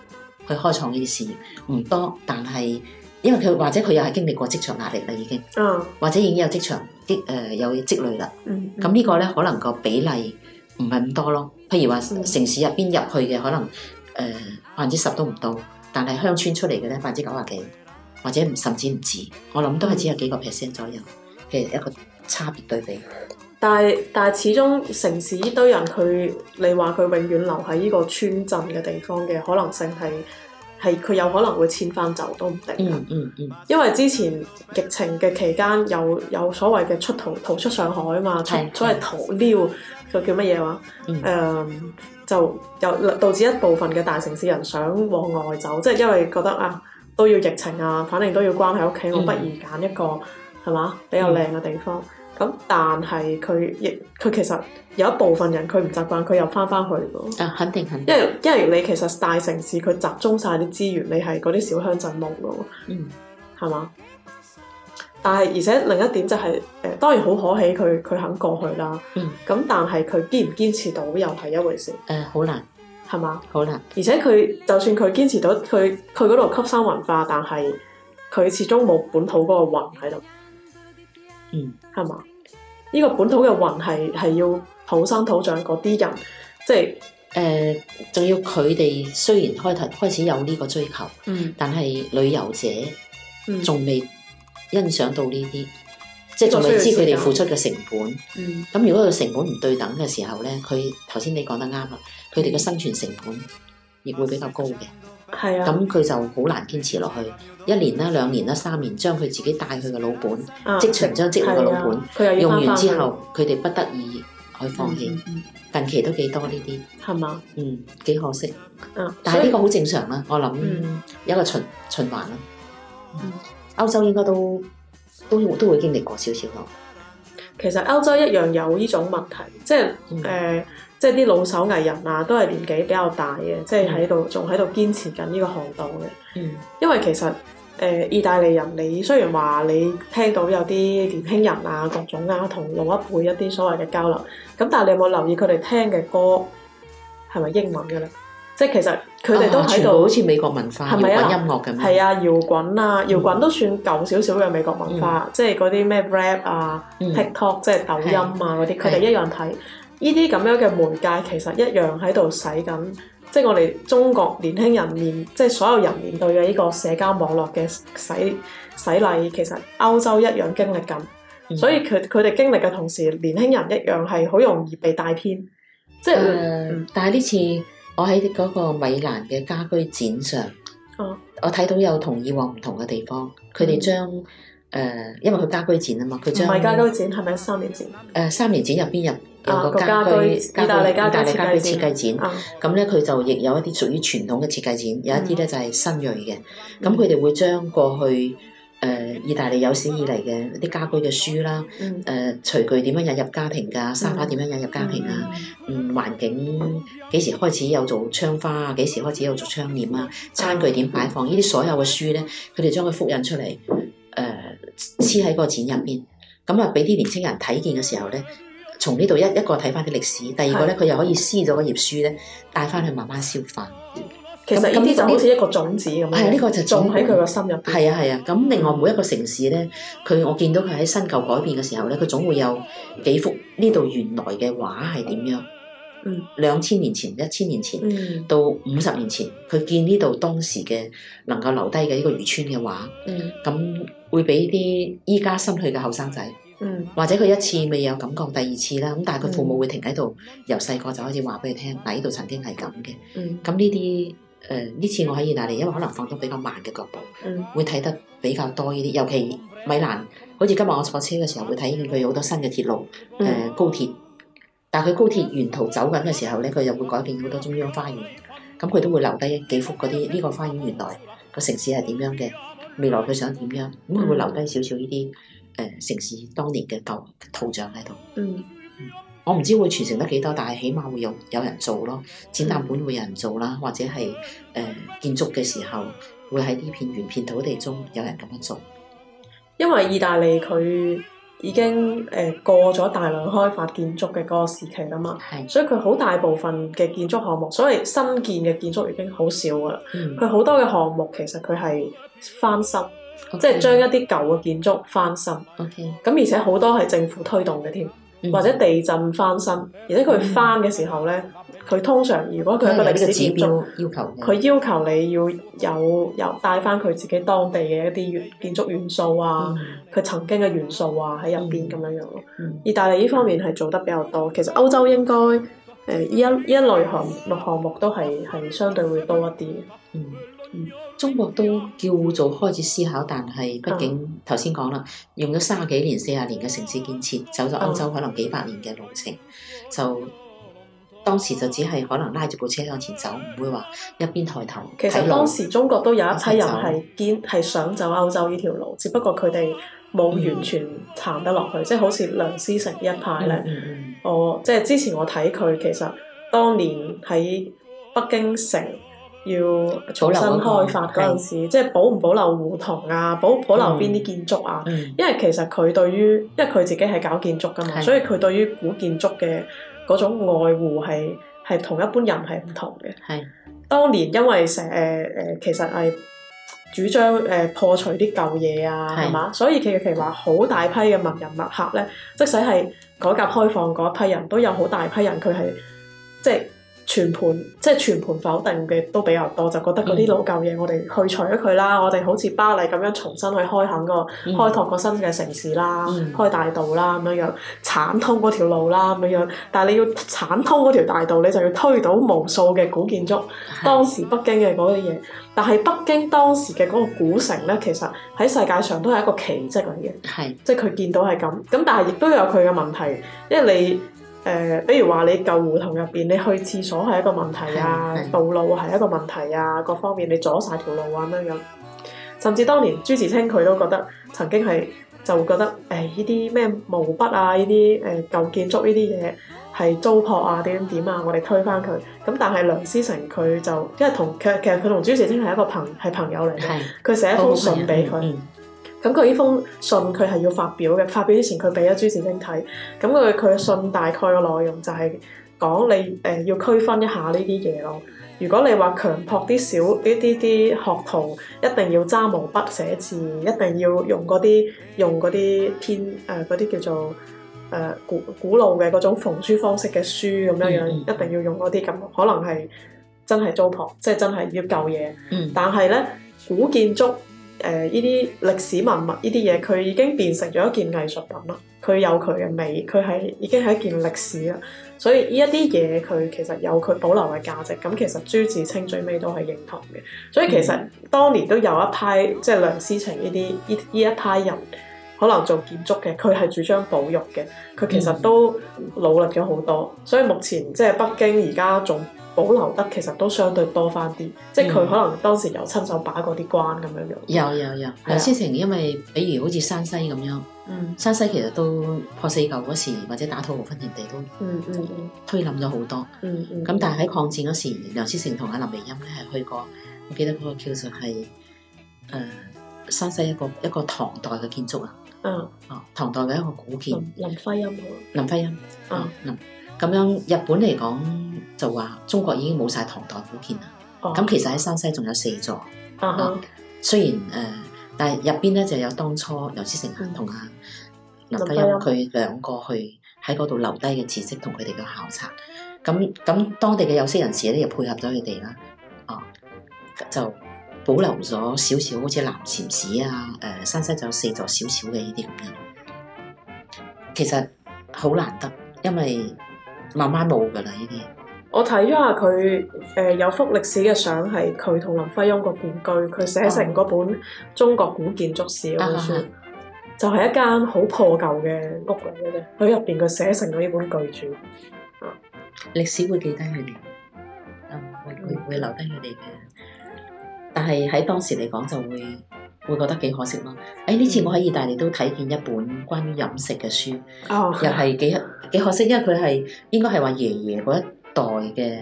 S2: 開創呢啲事業唔多，但係因為佢或者佢又係經歷過職場壓力啦，已經，嗯、或者已經有職場啲誒、呃、有積累啦。咁呢、嗯嗯、個呢，可能個比例唔係咁多咯。譬如話城市入邊入去嘅可能誒、呃、百分之十都唔到，但係鄉村出嚟嘅呢，百分之九十幾，或者甚至唔止。我諗都係只有幾個 percent 左右嘅、嗯、一個差別對
S1: 比。但係，但係始終城市呢堆人佢，你話佢永遠留喺呢個村鎮嘅地方嘅可能性係係佢有可能會遷翻走都唔定嗯。嗯嗯
S2: 嗯。
S1: 因為之前疫情嘅期間有有所謂嘅出逃逃出上海嘛，從、嗯嗯、所謂逃溜就叫乜嘢話？誒、嗯 um, 就又導致一部分嘅大城市人想往外走，即係因為覺得啊都要疫情啊，反正都要關喺屋企，嗯、我不如揀一個係嘛比較靚嘅地方。嗯咁但係佢亦佢其實有一部分人佢唔習慣，佢又翻翻去咯。啊，肯定肯定，因為因為你其實大城市佢集中晒啲資源，你係嗰啲小鄉鎮冇咯，嗯，係嘛？但係而且另一點就係、是、誒、呃，當然好可喜，佢佢肯過去啦，咁、嗯、但係佢堅唔堅持到又係一回事，誒、呃，好難，係嘛？好難，而且佢就算佢堅持到，佢佢嗰度吸收文化，但係佢始終冇本土嗰個魂喺度，嗯，係嘛？呢個本土嘅魂係係要土生土長嗰啲人，即係誒，
S2: 仲、呃、要佢哋雖然開頭開始有呢個追求，嗯、但係旅遊者仲未欣賞到呢啲，嗯、即係仲未知佢哋付出嘅成本。咁、嗯、如果佢成本唔對等嘅時候咧，佢頭先你講得啱啦，佢哋嘅生存成本亦會比較高嘅。咁佢、啊、就好難堅持落去，一年啦、兩年啦、三年，將佢自己帶去嘅老本，積存將積累嘅老本，啊、用完之後，佢哋去不得已去放棄。嗯、近期都幾多呢啲，係嘛？嗯，幾可惜。
S1: 但係呢個好
S2: 正常啦，我諗有個循循環啦。
S1: 歐洲應該都都都，都會經歷過少少咯。其實歐洲一樣有呢種問題，即係誒。呃嗯即係啲老手藝人啊，都係年紀比較大嘅，即係喺度仲喺度堅持緊呢個行當嘅。嗯，因為其實誒意大利人，你雖然話你聽到有啲年輕人啊各種啊，同老一輩一啲所謂嘅交流，咁但係你有冇留意佢哋聽嘅歌係咪英文嘅咧？即係其實佢哋都喺度好似美國文化係咪？嘅音樂咁。係啊，搖滾啊，搖滾都算舊少少嘅美國文化，即係嗰啲咩 rap 啊、TikTok 即係抖音啊嗰啲，佢哋一樣睇。呢啲咁樣嘅媒介其實一樣喺度使緊，即係我哋中國年輕人面，即係所有人面對嘅呢個社交網絡嘅洗洗禮，其實歐洲一樣經歷緊。嗯、所以佢佢哋經歷嘅同時，年輕人一樣係好容易被帶偏。即係，呃嗯、但係呢次
S2: 我喺嗰個米蘭嘅家居展上，哦、我睇到有同以往唔同嘅地方，佢哋將。誒，因為佢家居展啊嘛，佢將唔係家居
S1: 展，係咪三年
S2: 展？誒，三年展入邊有個家居、意大利家居、意大利家居設計展。咁咧，佢就亦有一啲屬於傳統嘅設計展，有一啲咧就係新穎嘅。咁佢哋會將過去誒意大利有史以嚟嘅啲家居嘅書啦，誒，廚具點樣引入家庭㗎？沙發點樣引入家庭啊？嗯，環境幾時開始有做窗花啊？幾時開始有做窗簾啊？餐具點擺放？呢啲所有嘅書咧，佢哋將佢複印出嚟，誒。黐喺個展入邊，咁啊俾啲年青人睇見嘅時候咧，從呢度一一個睇翻啲歷史，第二個咧佢又可以撕咗嗰頁書咧，帶翻去慢慢消化。其實呢啲就好似一個種子咁。係啊，呢個就種喺佢個心入邊。係啊係啊，咁另外每一個城市咧，佢我見到佢喺新舊改變嘅時候咧，佢總會有幾幅呢度原來嘅畫係點樣。兩千年前、一千年前到五十年前，佢見呢度當時嘅能夠留低嘅呢個漁村嘅畫，咁、嗯、會俾啲依家新去嘅後生仔，嗯、或者佢一次未有感覺，第二次啦，咁但係佢父母會停喺度，嗯、由細個就開始話俾佢聽，呢度曾經係咁嘅。咁呢啲誒呢次我喺意大利，因為可能放咗比較慢嘅腳步，嗯、會睇得比較多呢啲，尤其米蘭，好似今日我坐車嘅時候會睇見佢好多新嘅鐵路，誒、呃、高鐵。嗯嗯嗯。但佢高鐵沿途走緊嘅時候咧，佢又會改變好多中央花園，咁佢都會留低幾幅嗰啲呢個花園原來個城市係點樣嘅，未來佢想點樣，咁佢會留低少少呢啲誒城市當年嘅舊圖像喺度、嗯。嗯，我唔知會傳承得幾多，但係起碼會有有人做咯，展覽館會有人做啦，或者係誒、呃、建築嘅時候會喺呢片原片土地中
S1: 有人咁樣做，因為意大利佢。已經誒過咗大量開發建築嘅嗰個時期啦嘛，的所以佢好大部分嘅建築項目，所謂新建嘅建築已經好少噶啦。佢好、嗯、多嘅項目其實佢係翻新，Okay. 即係將一啲舊嘅建築翻新。咁 Okay. 而且好多係政府推動嘅添，或者地震翻新，而且佢翻嘅時候咧。佢通常如果佢喺嘅歷史建築，佢要、要求你要有有帶翻佢自己當地嘅一啲建築元素啊，佢、嗯、曾經嘅元素啊喺入邊咁樣樣咯。嗯、意大利呢方面係做得比較多，其實歐洲應該誒依、呃、一依一類項落項目都係係相對會多一啲。嗯嗯，中國都叫做開始思
S2: 考，但係畢竟頭先講啦，用咗三十幾年四十年嘅城市建設，走咗歐洲可能幾百年嘅路程就。嗯嗯當時就只係可能拉住部車向前走，唔會話一邊抬頭。其實當時
S1: 中國都有一批人係堅係想走歐洲呢條路，嗯、只不過佢哋冇完全撐得落去，嗯、即係好似梁思成一派咧。嗯嗯、我即係之前我睇佢，其實當年喺北京城要重新開發嗰陣時，那個、即係保唔保留胡同啊，保保，保留邊啲建築啊？嗯嗯、因為其實佢對於，因為佢自己係搞建築㗎嘛，是所以佢對於古建築嘅。嗰種愛護係係同一般人係唔同嘅。係是，當年因為成誒誒，其實係主張誒、呃、破除啲舊嘢啊，係嘛，是所以其其實話好大批嘅文人墨客咧，即使係改革開放嗰批人都有好大批人佢係即。全盤即係全盤否定嘅都比較多，就覺得嗰啲老舊嘢、嗯，我哋去除咗佢啦，我哋好似巴黎咁樣重新去開墾個開拓個新嘅城市啦，嗯、開大道啦咁樣樣，剷通嗰條路啦咁樣樣。但係你要剷通嗰條大道，你就要推倒無數嘅古建築，是當時北京嘅嗰啲嘢。但係北京當時嘅嗰個古城咧，其實喺世界上都係一個奇蹟嚟嘅，即係佢見到係咁。咁但係亦都有佢嘅問題，因為你。誒，比如話你舊胡同入邊，你去廁所係一個問題啊，道路係一個問題啊，各方面你阻晒條路啊咁樣。甚至當年朱自清佢都覺得曾經係就覺得誒呢啲咩毛筆啊呢啲誒舊建築呢啲嘢係糟粕啊點點點啊，啊啊我哋推翻佢。咁但係梁思成佢就因為同其實其實佢同朱自清係一個朋係朋友嚟嘅，佢寫一封信俾佢。嗯咁佢呢封信佢係要發表嘅，發表之前佢俾咗朱自清睇。咁佢佢信大概嘅內容就係、是、講你誒要區分一下呢啲嘢咯。如果你話強迫啲小啲啲啲學徒一定要揸毛筆寫字，一定要用嗰啲用嗰啲偏誒嗰啲叫做誒、呃、古古老嘅嗰種逢書方式嘅書咁樣樣，一定要用嗰啲咁，可能係真係糟粕，即、就、係、是、真係要舊嘢。但係咧，古建築。誒呢啲歷史文物呢啲嘢，佢已經變成咗一件藝術品啦。佢有佢嘅美，佢係已經係一件歷史啦。所以呢一啲嘢，佢其實有佢保留嘅價值。咁其實朱自清最尾都係認同嘅。所以其實、嗯、當年都有一批即係梁思成呢啲呢呢一批人，可能做建築嘅，佢係主張保育嘅。佢其實都努力咗好多。所以目前即係北京而家仲。保留得其實都相對多翻啲，即係佢可能當時有親手把過啲關咁樣、嗯、樣。有
S2: 有有，梁思成因為的比如好似山西咁樣，嗯、山西其實都破四舊嗰時或者打土豪分田地都推冧咗好多。咁、嗯嗯嗯、但係喺抗戰嗰時，梁思成同阿林徽因咧，係去過，我記得嗰個叫做係誒山西一個一個唐代嘅建築啊。嗯，哦，唐代嘅一個古建。林徽因、啊，林徽音。啊、嗯、林。嗯咁樣日本嚟講就話中國已經冇晒唐代古建啦。咁、哦、其實喺山西仲有四座，啊嗯、雖然誒、呃，但係入邊咧就有當初梁思成同阿、嗯、林徽因佢兩個去喺嗰度留低嘅字跡同佢哋嘅考察。咁、嗯、咁、嗯、當地嘅有識人士咧又配合咗佢哋啦，哦、呃、就保留咗少少好似南禪寺啊，誒、呃、山西就有四座少少嘅呢啲咁樣，其實好難得，因為。慢慢冇噶啦，呢啲。
S1: 我睇咗下佢，誒、呃、有幅歷史嘅相，係佢同林徽因個故居，佢寫成嗰本《中國古建築史》嗰本書，啊、就係一間好破舊嘅屋嚟嘅啫。佢入邊佢寫成咗呢本巨著，啊、歷史會記低佢哋，
S2: 會會會留低佢哋嘅。但係喺當時嚟講就會。會覺得幾可惜咯。誒、哎、呢次我喺意大利都睇見一本關於飲食嘅書，oh, okay. 又係幾幾可惜，因為佢係應該係話爺爺嗰一代嘅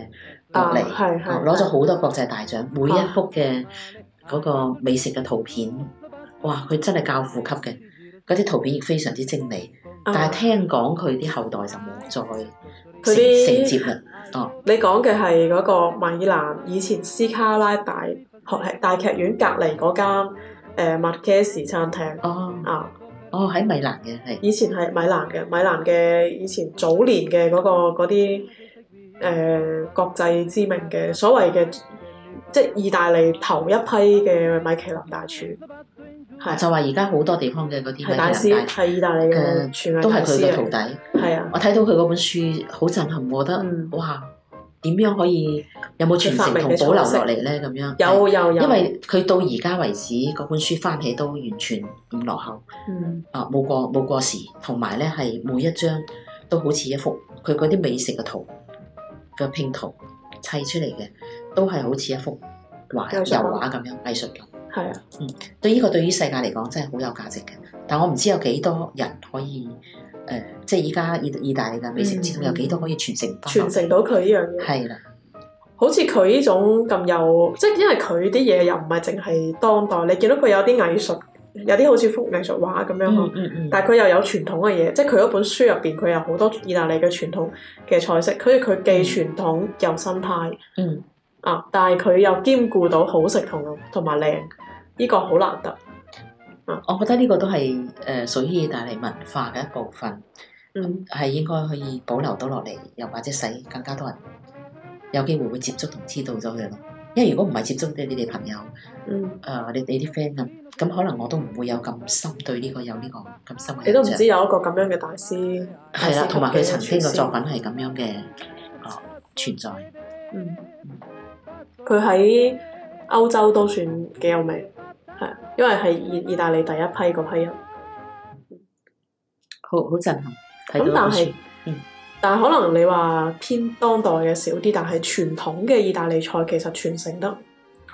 S2: 嚟，攞咗好多國際大獎。每一幅嘅嗰個美食嘅圖片，oh. 哇！佢真係教父級嘅嗰啲圖片，亦非常之精美。Oh. 但係聽講佢啲後代就冇再
S1: 承的接啦。哦、oh，你講嘅係嗰個米蘭以前斯卡拉大、大大劇院隔離嗰間。Oh. 誒 Marchesi 餐廳，啊、嗯，哦喺米蘭嘅係，以前係米蘭嘅，米蘭嘅以前早年嘅嗰、嗰個嗰啲誒國際知名嘅所謂嘅，即係意大利頭一批嘅米其林大廚。係就話而家好多地方嘅嗰啲米其林大廚係意大利嘅、呃，都係佢嘅徒弟，
S2: 係啊，我睇到佢嗰本書好震撼，我覺得，嗯、哇，點樣可以？有冇傳承同保留落嚟咧？咁樣有有有、哎，因為佢到而家為止，嗰本書翻起都完全唔落後。嗯，啊冇過冇過時，同埋咧係每一張都好似一幅佢嗰啲美食嘅圖嘅拼圖砌出嚟嘅，都係好似一幅畫油畫咁樣藝術畫。係啊，嗯，對呢個對於世界嚟講真係好有價值嘅。但我唔知有幾多人可以誒、呃，即係而家意意大利嘅美食之中有幾多可以傳承。傳承、嗯嗯、到佢呢樣嘢。係
S1: 啦。好似佢呢種咁有，即係因為佢啲嘢又唔係淨係當代，你見到佢有啲藝術，有啲好似幅藝術畫咁樣、嗯嗯嗯、但係佢又有傳統嘅嘢，即係佢嗰本書入邊佢有好多意大利嘅傳統嘅菜式，所以佢既傳統又新派。嗯，啊，但係佢又兼顧到好食同同埋靚，呢、呢個好難得。
S2: 啊，我覺得呢個都係誒屬於意大利文化嘅一部分，係、嗯、應該可以保留到落嚟，又或者使更加多人。有機會會接觸同知道咗佢咯，因為如果唔係接觸啲你哋朋，、嗯呃、朋友，嗯，誒你哋啲 friend 咁，咁可能我都唔會有咁深對呢個有呢個咁深嘅。你都唔知有
S1: 一個咁樣嘅大師，係啦、嗯，同埋佢曾經嘅作品係
S2: 咁樣嘅、呃、存在。嗯，
S1: 佢喺歐洲都算幾有名，係，因為係意意大利第一批嗰批人。好好震撼，睇到好。但係可能你話偏當代嘅少啲，但係傳統嘅意大利菜其實傳承得，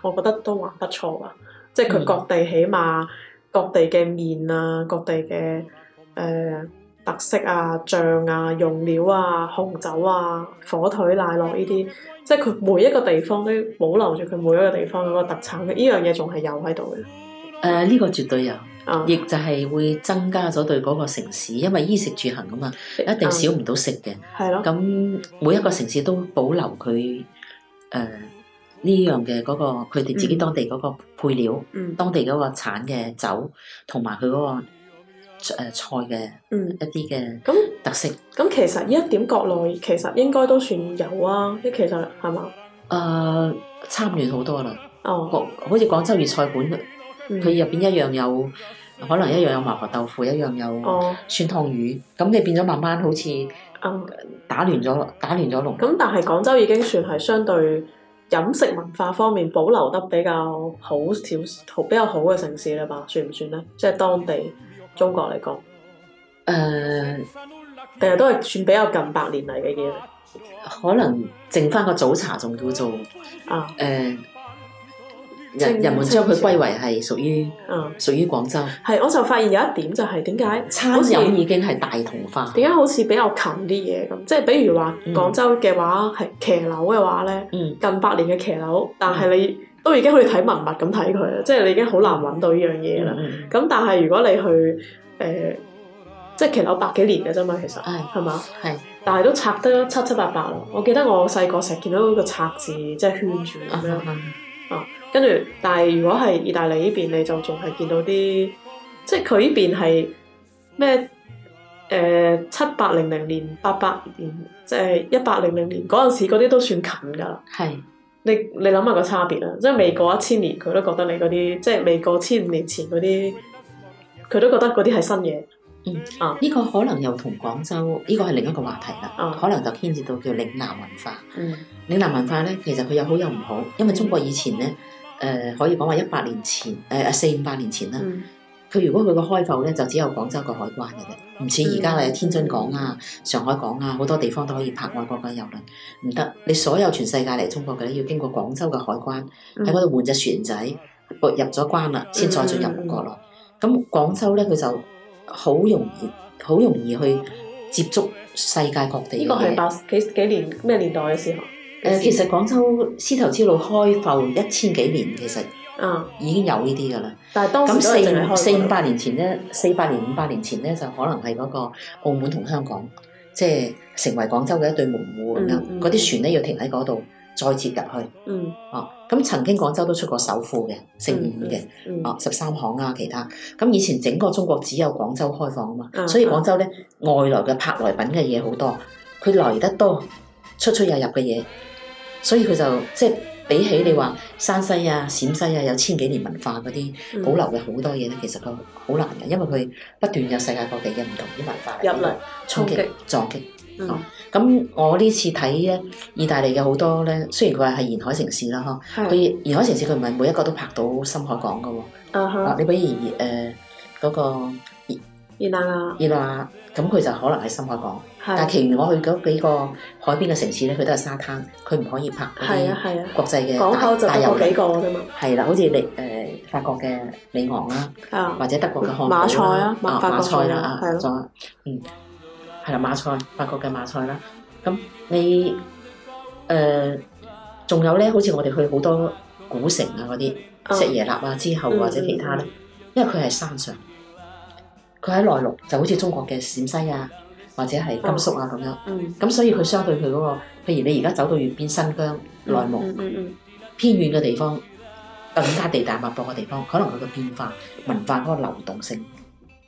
S1: 我覺得都還不錯噶即係佢各地起碼各地嘅麵啊，各地嘅誒、呃、特色啊、醬啊、用料啊、紅酒啊、火腿、奶酪，呢啲，即係佢每一個地方都保留住佢每一個地方嗰個特產嘅，呢樣嘢仲係有喺度嘅。誒、呃，呢個絕
S2: 對有。亦、嗯、就係會增加咗對嗰個城市，因為衣食住行吖嘛，嗯、一定少唔到食嘅。係咯的。咁每一個城市都保留佢誒呢樣嘅嗰、嗰個佢哋自己當地嗰個配料，嗯嗯、當地嗰個產嘅酒同埋佢嗰個、呃、菜嘅一啲嘅咁特色。咁、嗯嗯嗯
S1: 嗯嗯、其實呢一點國內其實應該都算有啊，即其實係嘛？
S2: 誒參聯好多啦。哦，好似廣州粵菜館佢入邊一樣有，可能一樣有麻婆豆腐，一樣有酸湯魚。咁你、哦、變咗慢慢好似
S1: 打亂咗，嗯、打亂咗咯。咁、嗯、但係廣州已經算係相對飲食文化方面保留得比較好少，好比較好嘅城市啦，嘛，算唔算咧？即、就、係、是、當地中國嚟講，
S2: 誒、嗯，
S1: 其實都係算比較近百年嚟嘅嘢，
S2: 可能剩翻個早茶仲叫做啊誒。呃
S1: 人們會將佢歸為
S2: 係屬於，屬於廣州。
S1: 係，我就發現有一點就係點解餐飲已經係大同化。點解好似比較近啲嘢咁？即係比如話廣州嘅話係騎樓嘅話咧，近百年嘅騎樓，但係你都已經可以睇文物咁睇佢啦。即係你已經好難揾到依樣嘢啦。咁但係如果你去誒，即係騎樓百幾年嘅啫嘛，其實係咪？係，但係都拆得七七八八咯。我記得我細個成日見到個拆字，即係圈住咁樣。跟住，但係如果係意大利呢邊，你就仲係見到啲，即係佢呢邊係咩？誒七八零零年、八百年，即係一八零零年嗰陣時，嗰啲都算近㗎啦。係是，你你諗下個差別啦，即係未過一千年，佢都覺得你嗰啲，即係未過千五年前嗰啲，佢都覺得嗰啲係新嘢。嗯啊，呢、嗯、個可能又同廣州呢、這
S2: 個係另一個話題啦。嗯、可能就牽涉到叫嶺南文化。嗯，嶺南文化咧，其實佢有好有唔好，因為中國以前咧。誒、uh, 可以講話一百年前，誒、uh, 四五百年前啦。佢、嗯、如果佢個開埠咧，就只有廣州個海關嘅啫，唔似而家啊，天津港啊、上海港啊，好多地方都可以泊外國嘅郵輪。唔得，你所有全世界嚟中國嘅咧，要經過廣州嘅海關，喺嗰度換隻船仔，入咗關啦，先再進入國內。咁廣、嗯嗯、州咧，佢就好容易，好容易去接觸世界各地。呢個係百
S1: 幾幾年咩年代嘅時候？誒，其實廣州絲
S2: 綢之路開埠一千幾年，其實已經有呢啲噶啦。啊、但係當時四五百年前咧，四百年五百年前咧就可能係嗰個澳門同香港，即、就、係、是、成為廣州嘅一對門戶咁樣。嗰啲船咧要停喺嗰度再接入去。嗯。哦，咁、嗯啊、曾經廣州都出過首富嘅，姓伍嘅，哦，十三行啊，其他。咁以前整個中國只有廣州開放啊嘛，所以廣州咧、嗯嗯、外來嘅舶來品嘅嘢好多，佢來得多。出出入入嘅嘢，所以佢就即係比起你話山西啊、陝西啊有千幾年文化嗰啲保留嘅好多嘢咧，嗯、其實都好難嘅，因為佢不斷有世界各地嘅唔同啲文化入嚟來衝擊 okay. 撞擊。咁、嗯啊、我次呢次睇咧，意大利嘅好多咧，雖然佢話係沿海城市啦，嗬是，佢沿海城市佢唔係每一個都拍到深海港嘅喎、啊啊哈啊。你比如誒嗰、呃那個。.熱鬧啊！南鬧咁佢就可能喺深海港，的但係其實我去嗰幾個海邊嘅城市咧，佢都係沙灘，佢唔可以拍嗰啲國際嘅大郵輪。港口就大約幾個啫嘛。係啦，好似你誒法國嘅里昂啦，的或者德國嘅漢堡啦，馬賽啦、啊，嗯，係啦，馬賽法國嘅馬賽啦、啊。咁、嗯、你誒仲、呃、有咧？好似我哋去好多古城啊嗰啲，錫耶納啊之後或者其他咧、嗯，因為佢係山上。佢喺內陸就好似中國嘅陝西啊，或者係甘肅啊咁、嗯、樣。咁、嗯、所以佢相對佢嗰、嗰個，譬如你而家走到遠邊新疆內蒙、嗯嗯嗯嗯、偏遠嘅地方，更加地大物博嘅地方，可能佢嘅變化文化嗰個流動性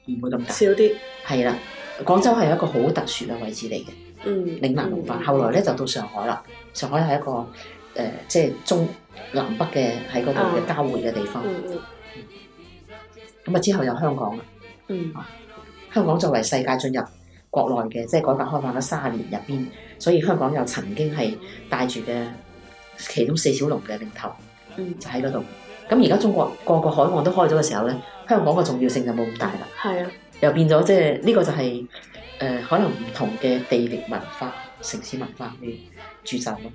S2: 唔會咁大。少啲係啦，廣州係一個好特殊嘅位置嚟嘅。嶺、嗯嗯、南文化後來咧就到上海啦，上海係一個誒、呃、即係中南北嘅喺嗰度嘅交匯嘅地方。
S1: 咁
S2: 啊、嗯嗯嗯、之後又香港。嗯、啊，香港作為世界進入國內嘅，即係改革開放咗三十年入邊，所以香港又曾經係帶住嘅其中四小龍嘅領頭，嗯、就喺嗰度。咁而家中國各個海岸都開咗嘅時候咧，香港嘅重要性就冇咁大啦。係啊，又變咗，即係呢、這個就係、是、誒、呃，可能唔同嘅地理文化、城市文化嘅住宅咯。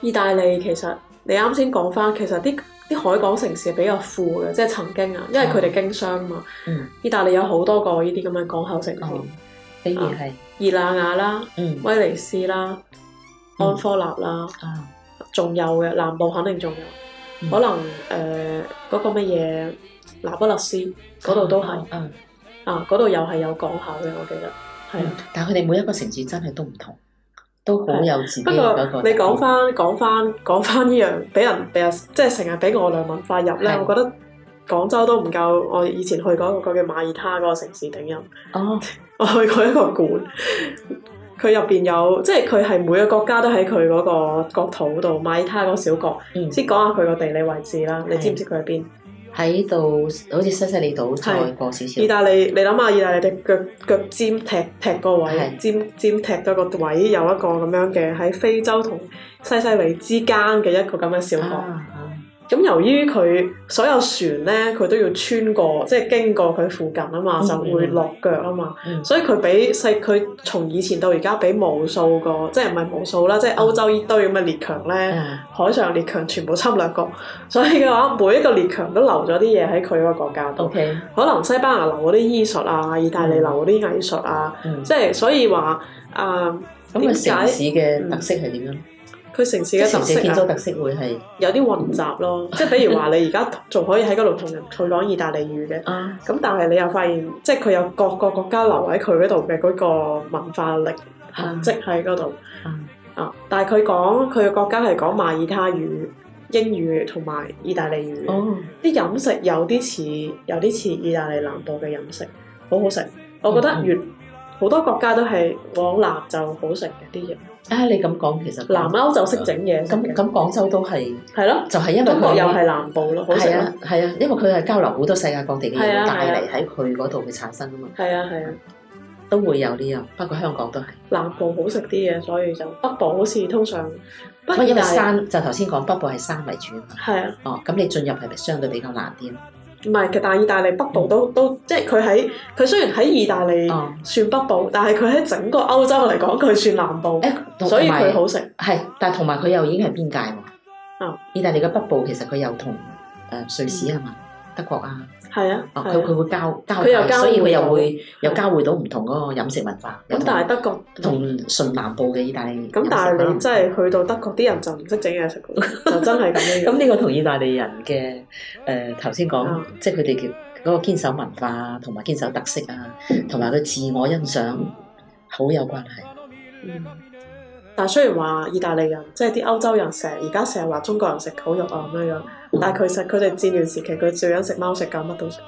S1: 意大利其實你啱先講翻，其實啲。啲海港城市係比較富嘅，即係曾經啊，因為佢哋經商啊嘛。嗯。意大利有好多個呢啲咁嘅港口城市，比如係熱那亞啦、威尼斯啦、安科納啦，仲有嘅南部肯定仲有，可能誒嗰個乜嘢那不勒斯嗰度都係。嗯。啊，嗰度又係有港口嘅，我記得。係啊，但係佢哋每一個城市真係都唔同。都好幼稚。不過你講翻講翻講翻呢樣，俾人俾人即係成日俾外來文化入咧，是的 我覺得廣州都唔夠，我以前去過一個叫馬耳他嗰個城市頂入。哦，我去過一個館，佢入邊有，即係佢係每個國家都喺佢嗰個國土度。馬耳他嗰小國，嗯、先講下佢個地理位置啦。是的 你知唔知佢喺邊？喺度好似西西里島再過少少，意大利你諗下，意大利隻腳腳尖踢踢個位，的尖尖踢多個位，有一個咁樣嘅喺非洲同西西里之間嘅一個咁嘅小國。啊。咁由於佢所有船咧，佢都要穿過，即係經過佢附近啊嘛，就會落腳啊嘛，所以佢俾細佢從以前到而家，俾無數個，即係唔係無數啦，即係歐洲呢堆咁嘅列強咧，海上列強全部侵略過，所以嘅話，每一個列強都留咗啲嘢喺佢嗰個國家度。可能西班牙留嗰啲醫術啊，意大利留嗰啲藝術啊，即係所以話啊，咁個城市嘅特色係點樣？佢城市嘅特色，城市建築特色會係有啲混雜咯，即係 [LAUGHS] 比如話你而家仲可以喺嗰度同人去講意大利語嘅，咁、啊、但係你又發現，即係佢有各個國家留喺佢嗰度嘅嗰個文化力痕跡喺嗰度。啊，啊但係佢講佢嘅國家係講馬爾他語、英語同埋意大利語。啲、哦、飲食有啲似有啲似意大利南部嘅飲食，好好食。我覺得越好、嗯嗯、多國家都係往南就好食嘅啲嘢。啊！你咁講其實南歐就識整嘢，咁咁那廣州都係係咯，的就係因為佢又係南部咯。好似係啊，係啊，因為佢係交流
S2: 好多世界各地嘅嘢，的帶嚟喺佢嗰度嘅產生啊嘛。係啊係啊，都會有啲啊，不過香港都係南部好食啲嘢，所以就北部好似通常不過。因為山就頭先講，北部係山為主啊嘛。係啊的。的哦，咁你進入係咪相對比較難啲？
S1: 唔係，但係意大利北部都、嗯、都即係佢喺佢雖然喺意大利算北部，哦、但係佢喺整個歐洲嚟講，佢算南部，誒所以佢好食。係、嗯，但係同埋佢又已經係
S2: 邊界喎。啊、嗯，意大利嘅北部其實佢又同、呃、瑞士係嘛？嗯德國啊，係啊，佢佢、哦啊、會交交，佢又交，所以佢又會國又交匯到唔同嗰個飲食文化。
S1: 咁、啊、和但係德國同純南部嘅意大利，咁但係你真係去到德國，啲人就唔識整嘢食， [LAUGHS] 就真係咁樣。咁呢 [LAUGHS] 個同意大利人嘅誒頭先講，呃啊、即
S2: 係佢哋叫嗰個堅守文化同埋堅守特色啊，同埋佢自我欣賞好有關係。嗯
S1: 但係雖然話意大利人，即係啲歐洲人成日而家成日話中國人食狗肉啊咁樣，但係其實佢哋戰亂時期佢照樣食貓食狗乜都食，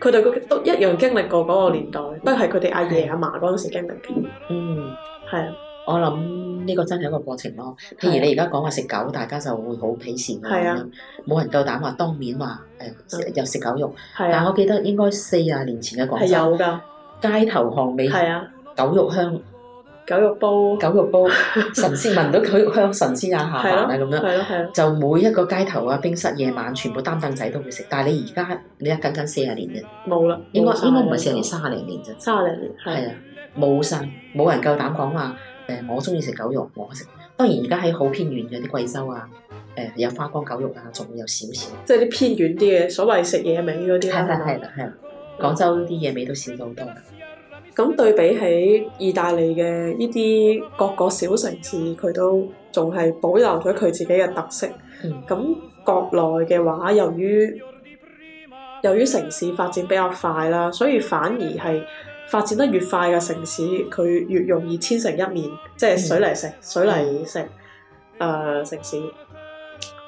S1: 佢哋、啊、都一樣經歷過嗰個年代，不過係佢哋阿爺阿嫲嗰陣時經歷嘅。嗯，係啊的，我諗呢個真係一個過程咯。譬如你而家
S2: 講話食狗，大家就會好鄙視啊，冇的人夠膽話當面話誒又食狗肉。的但係我記得應該四廿年前嘅廣州係有㗎，街頭巷尾啊，狗肉香。狗肉煲，狗肉煲，神仙聞到狗肉香，神仙也下飯啊咁樣。係咯、啊，係咯。就每一個街頭啊，冰室夜晚，全部擔凳仔都會食。但係你而家，你一緊緊四十年嘅，冇啦。多多應該應該唔係四十年，三十零年啫。三十零年係啊，冇曬、啊，冇人夠膽講話。誒、欸，我中意食狗肉，我食。當然而家喺好偏遠嘅啲貴州啊，誒、欸、有花江狗肉啊，仲會有少少。
S1: 即係啲偏遠啲嘅所謂食野味嗰啲。係係係啦，係啦、啊。廣州啲野味都少咗好多。咁對比起意大利嘅呢啲各個小城市，佢都仲係保留咗佢自己嘅特色。咁、嗯、國內嘅話，由於由於城市發展比較快啦，所以反而係發展得越快嘅城市，佢越容易千城一面，即係水泥城、嗯、水泥城誒、嗯呃、城市。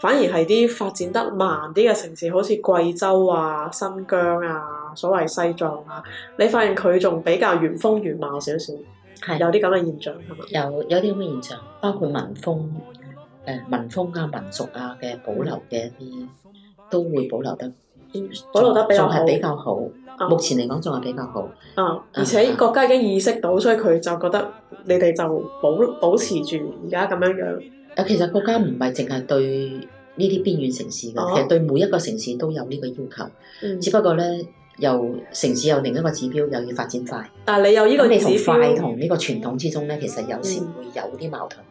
S1: 反而係啲發展得慢啲嘅城市，好似貴州啊、新疆啊、所謂西藏啊，你發現佢仲比較原風原貌少少，係是有啲咁嘅現象係嘛？有有啲咁嘅現象，
S2: 包括民風、誒、呃、民風啊、民俗啊嘅保留嘅一啲都會保留得保留得比較好，係比較好。啊、目前嚟講仲係比較好。
S1: 啊，啊而且國家已經意識到，所以佢就覺得你哋就保保持住而家咁樣樣。啊，其實國
S2: 家唔係淨係對呢啲邊遠城市嘅，哦、其實對每一個城市都有
S1: 呢個要求。嗯、只不
S2: 過咧，由城市有另一個指標又要發展快。
S1: 但係你有呢個指標，嗯、你和快同呢個傳統之中咧，其實有時會
S2: 有啲矛盾。嗯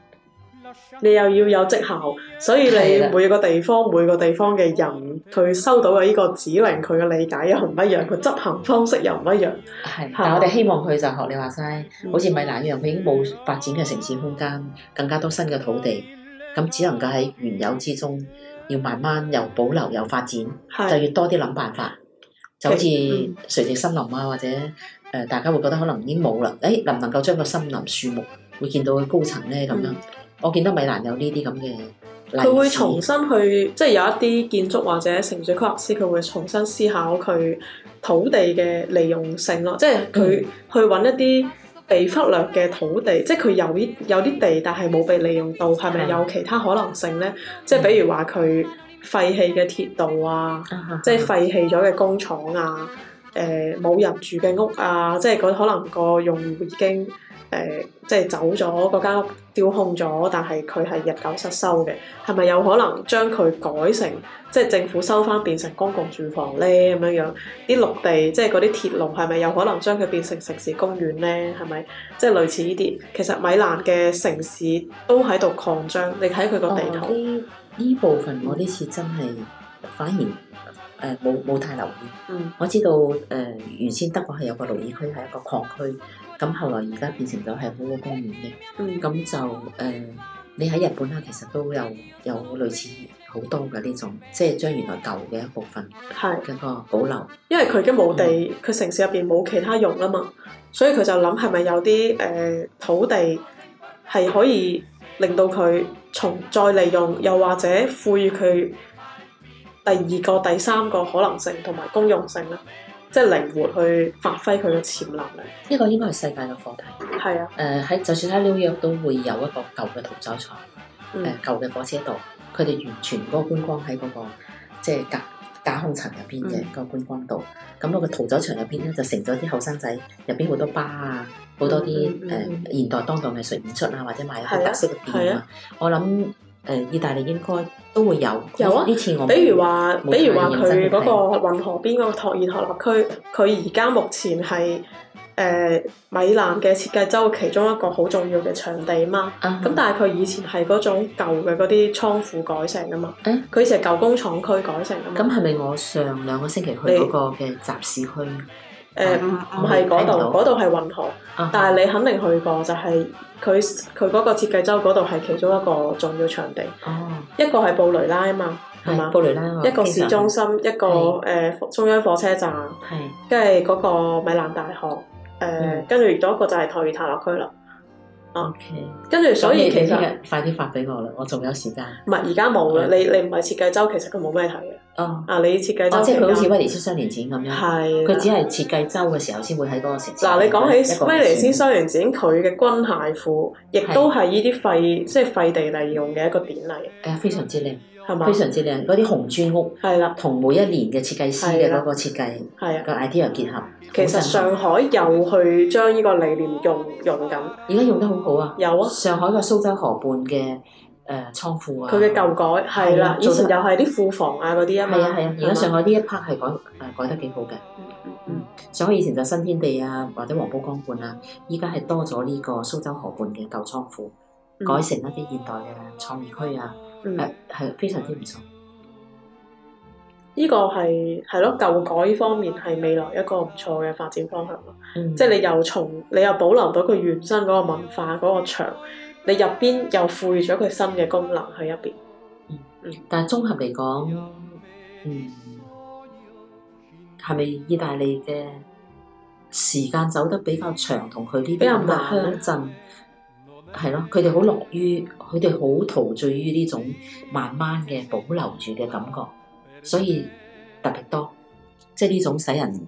S1: 你又要有績效，所以你每個地方的每個地方嘅人，佢收到嘅呢個指令，佢嘅理解又唔一樣，佢執行方式又唔一樣。係的，嗯、但我哋希望佢就學你話齋，
S2: 好似米蘭一樣，佢已經冇發展嘅城市空間，更加多新嘅土地，咁只能夠喺原有之中，要慢慢又保留又發展，的就要多啲諗辦法。就好似垂直森林啊，或者誒、呃，大家會覺得可能已經冇啦，誒，能唔能夠將個森林樹木會見到嘅高層咧咁樣？嗯我見到米蘭有呢啲咁嘅，
S1: 佢會重新去即係有一啲建築或者城市規劃師，佢會重新思考佢土地嘅利用性咯。即係佢去揾一啲被忽略嘅土地，即係佢有啲有啲地，但係冇被利用到，係咪有其他可能性咧？即係比如話佢廢棄嘅鐵道啊，即係廢棄咗嘅工廠啊，誒冇人住嘅屋啊，即係可能個用戶已經。誒、呃，即係走咗嗰間屋丟空咗，但係佢係日久失修嘅，係咪有可能將佢改成即係政府收返變成公共住房呢？咁樣樣啲陸地，即係嗰啲鐵路，係咪有可能將佢變成城市公園呢？係咪即係類似呢啲？其實米蘭嘅城市都喺度擴張。你睇佢個地圖。
S2: 呢、啊、部分我呢次真係反而冇冇、呃、太留意。嗯、我知道誒、呃，原先德國係有個綠意區，區，係一個礦區。咁後來而家變成咗係好多公園嘅、嗯，咁就誒、呃，你喺日本啦，其實都
S1: 有有類似好多嘅呢種，即係將原來舊嘅一部分嘅個保留。因為佢嘅墓地，佢、嗯、城市入邊冇其他用啦嘛，所以佢就諗係咪有啲誒、呃、土地係可以令到佢重再利用，又或者賦予佢第二個、第三個可能性同埋公用性咧？即係靈活去發
S2: 揮佢嘅潛能。呢個應該係世界嘅課題。係啊。誒喺、呃、就算喺紐約都會有一個舊嘅屠宰場，誒舊嘅火車度，佢哋完全嗰個觀光喺嗰、那個即係架架空層入邊嘅嗰個觀光度。咁嗰個屠宰場入邊咧就成咗啲後生仔入邊好多巴啊，好多啲誒、嗯嗯嗯呃、現代當代藝術演出啊，或者賣一啲特色嘅店啊。我諗、啊。誒，意大利應該都會有。
S1: 有啊，呢次我比如話，比如話佢嗰個運河邊嗰個托爾託納區，佢而家目前係誒、呃、米蘭嘅設計周其中一個好重要嘅場地啊嘛。咁、嗯、但係佢以前係嗰種舊嘅嗰啲倉庫改成啊嘛。佢、嗯、以前係舊工廠區改成嘛。咁係咪我上兩個星期去嗰嘅集市區？誒唔唔係嗰度，嗰度係運河。但係你肯定去過，就係佢佢嗰個設計周嗰度係其中一個重要場地。一個係布雷拉啊嘛，係嘛？布雷拉一個市中心，一個誒中央火車站，跟住嗰個米蘭大學，誒跟住再一個就係托爾塔諾區啦。OK，跟住所以其實快啲發俾我啦，我仲有時間。唔係而家冇啦，你你唔係設計周，其實佢冇咩睇。哦，啊，你設計即係佢好似威尼斯
S2: 雙年展咁樣，佢只係設計周嘅時候先會喺嗰個城市。嗱，你講起威尼斯雙
S1: 年展，佢嘅軍械庫亦都係呢啲廢，即係廢地利用嘅一個典例。啊，非常之靚，係嘛？非常之靚，嗰啲紅磚屋係啦，同每一年嘅設計師嘅嗰個
S2: 設計個 idea 結合。其實上海又去將呢個理念用用緊，而家用得好好啊！有啊，上海個蘇州河畔嘅。誒、呃、倉庫啊，佢嘅舊改係啦，以前又係啲庫房啊嗰啲啊嘛，係啊係啊！而家、啊、上海呢一 part 係改誒改得幾好嘅。嗯吧，上海以前就新天地啊，或者黃浦江畔啊，依家係多咗呢個蘇州河畔嘅舊倉庫，
S1: 改成一
S2: 啲現代嘅創業區啊，係係、嗯啊啊、非常之唔錯。
S1: 呢個係係咯，舊改方面係未來一個唔錯嘅發展方向咯、啊。即係、嗯、你又從你又保留到佢原生嗰個文化嗰、嗰個牆。啊。你入邊又賦予咗佢新嘅功能喺入邊，
S2: 但係綜合嚟講，嗯，係咪意大利嘅時間走得比較長，同佢呢邊比較慢嗰陣係咯，佢哋好樂於佢哋好陶醉於呢種慢慢嘅保留住嘅感覺，所以特別多，即係呢種使人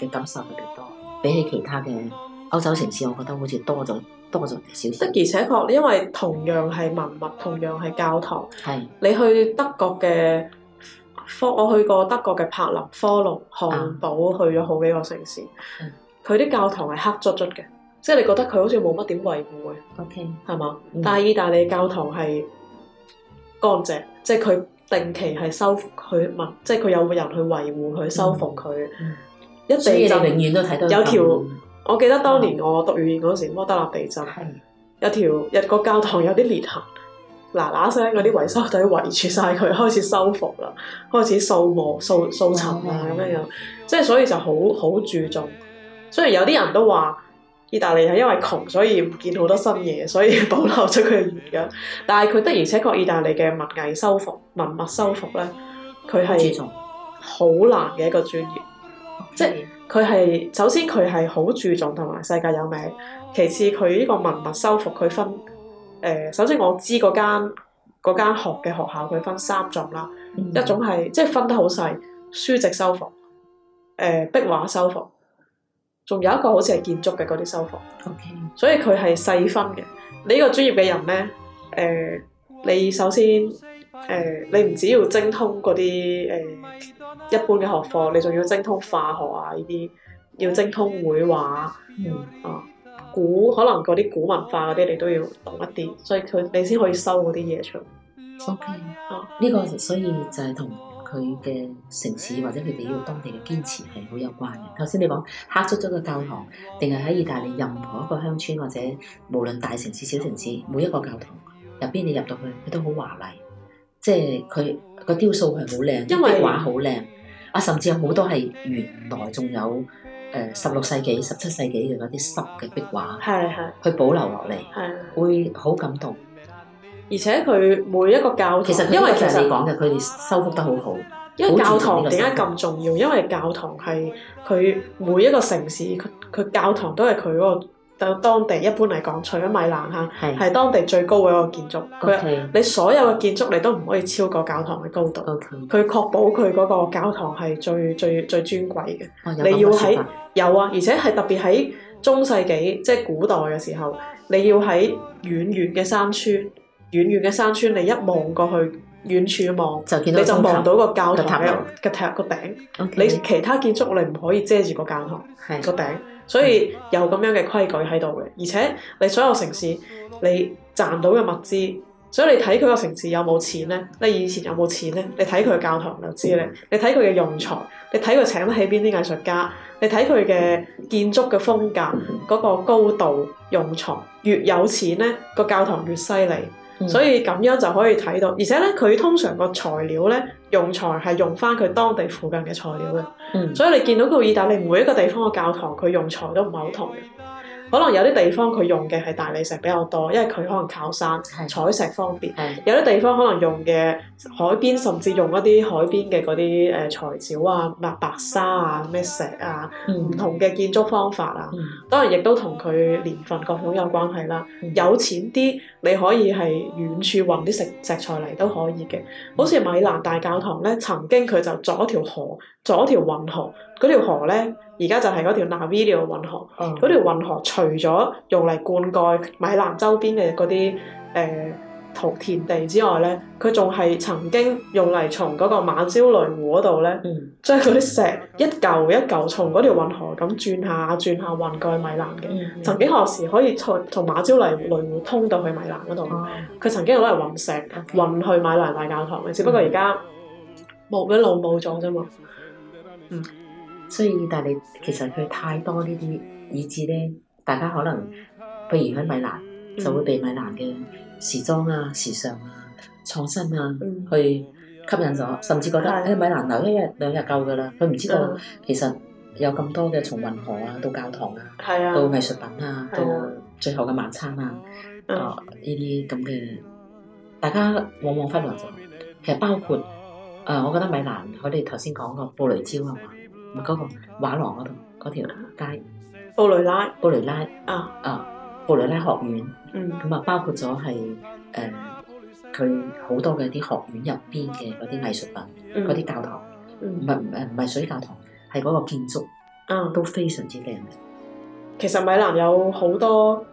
S2: 嘅感受特別多，比起其他嘅。歐洲城市，
S1: 我覺得好似多咗多咗少少。的而且確，因為同樣係文物，同樣係教堂。係是。你去德國嘅科，我去過德國嘅柏林、科隆、漢堡，去咗好幾個城市。佢啲、嗯、教堂係黑卒卒嘅，即係你覺得佢好似冇乜點維護嘅。O K。係嘛？但係意大利教堂係乾淨，即係佢定期係修佢物，即係佢有個人去維護佢修復佢。
S2: 嗯、一定，就。永遠都睇到有條。
S1: 我記得當年我讀語言嗰時，摩德納地震，一條的一個教堂有啲裂痕，嗱嗱聲，嗰啲維修隊圍住晒佢，開始修復啦，開始掃磨、掃掃塵啊咁樣，即係所以就好好注重。雖然有啲人都話，意大利係因為窮，所以唔見好多新嘢，所以保留咗佢嘅原樣。但係佢的而且確，意大利嘅文藝修復、文物修復咧，佢係好難嘅一個專業，嗯嗯、即係。佢係首先佢係好注重同埋世界有名，其次佢呢個文物修復佢分，誒、呃、首先我知嗰間嗰間學嘅學校佢分三種啦，嗯、一種係即係分得好細，書籍修復，誒、呃、壁畫修復，仲有一個好似係建築嘅嗰啲修復。Okay. 所以佢係細分嘅。你呢個專業嘅人咧，誒、呃、你首先誒、呃、你唔只要精通嗰啲誒。呃一般嘅學科，你仲要精通化學啊，依啲要精通繪畫、嗯、啊，古可能嗰啲古文化嗰啲，你都要懂一啲，所以佢你先可以收嗰啲嘢出
S2: 嚟。OK，啊，呢個所以就係同佢嘅城市或者佢哋要當地嘅堅持係好有關嘅。頭先你講黑出咗個教堂，定係喺意大利任何一個鄉村或者無論大城市、小城市，每一個教堂入邊你入到去，佢都好華麗。即係佢個雕塑係好靚，因為壁畫好靚，啊甚至有好多係原來，仲有誒十六世紀、十七世紀嘅嗰啲濕嘅壁畫，
S1: 係係去保留落嚟，的
S2: 會好感動。
S1: 而且佢每一個教堂，其實因為其實你講嘅佢哋修復得好好。因為教堂點解咁重要？因為教堂係佢每一個城市，佢佢教堂都係佢嗰個。到當地一般嚟講，除咗米蘭嚇，係是當地最高嘅一個建築。佢 Okay. 你所有嘅建築，你都唔可以超過教堂嘅高度。佢 Okay. 確保佢嗰個教堂係最最最尊貴嘅。哦、你要喺有啊，而且係特別喺中世紀即係古代嘅時候，你要喺遠遠嘅山村，遠遠嘅山村，你一望過去遠處望，就見到你就望到個教堂嘅塔個頂。Okay. 你其他建築你唔可以遮住個教堂個頂。的所以有咁樣嘅規矩喺度嘅，而且你所有城市你賺到嘅物資，所以你睇佢個城市有冇錢呢？你以前有冇錢呢？你睇佢嘅教堂就知咧，你睇佢嘅用材，你睇佢請得起邊啲藝術家，你睇佢嘅建築嘅風格嗰個高度用材，越有錢呢，個教堂越犀利。所以咁樣就可以睇到，而且呢，佢通常個材料呢，用材係用翻佢當地附近嘅材料嘅，嗯，所以你見到個意大利每一個地方嘅教堂，佢用材都唔係好同嘅。可能有啲地方佢用嘅係大理石比較多，因為佢可能靠山，採石方便。有啲地方可能用嘅海邊，甚至用一啲海邊嘅嗰啲誒材料啊，白白沙啊，咩石啊，唔同嘅建築方法啊。當然亦都同佢年份各種有關係啦。有錢啲你可以係遠處運啲石石材嚟都可以嘅，好似米蘭大教堂咧，曾經佢就鑿條河咗條運河，嗰條河咧，而家就係嗰條 Naviglio 運河。嗰、嗯、條運河除咗用嚟灌溉米蘭周邊嘅嗰啲誒土田地之外咧，佢仲係曾經用嚟從嗰個馬焦雷湖嗰度咧，將嗰啲石一嚿一嚿從嗰條運河咁轉下轉下運過去米蘭嘅。嗯、嗯曾經何時可以從從馬焦雷湖通到去米蘭嗰度。佢、嗯、曾經攞嚟運石、嗯、運去米蘭大教堂嘅，嗯、只不過而家冇一路冇咗啫嘛。
S2: 嗯、所以，但係其實佢太多致呢啲以致呢，大家可能譬如喺米蘭，嗯、就會被米蘭嘅時裝啊、時尚啊、創新啊去吸引咗，甚至覺得喺米蘭留一日兩、嗯、日夠噶啦。佢唔知道其實有咁多嘅從運河啊到教堂啊、嗯、到藝術品啊到最後嘅晚餐啊、嗯、啊呢啲咁嘅，大家往往忽略咗。其實包括。誒、呃，我覺得米蘭，我哋頭先講過布雷焦係嘛，咪、那、嗰個畫廊嗰度嗰條街，布雷拉，布雷拉，啊啊，布雷拉學院，嗯，咁啊、嗯，包括咗係誒佢好多嘅一啲學院入邊嘅嗰啲藝術品，嗰啲、嗯、教堂，
S1: 唔係唔
S2: 係唔係水教堂，係嗰個建築，啊，都非常之靚嘅。
S1: 其實米蘭有好多。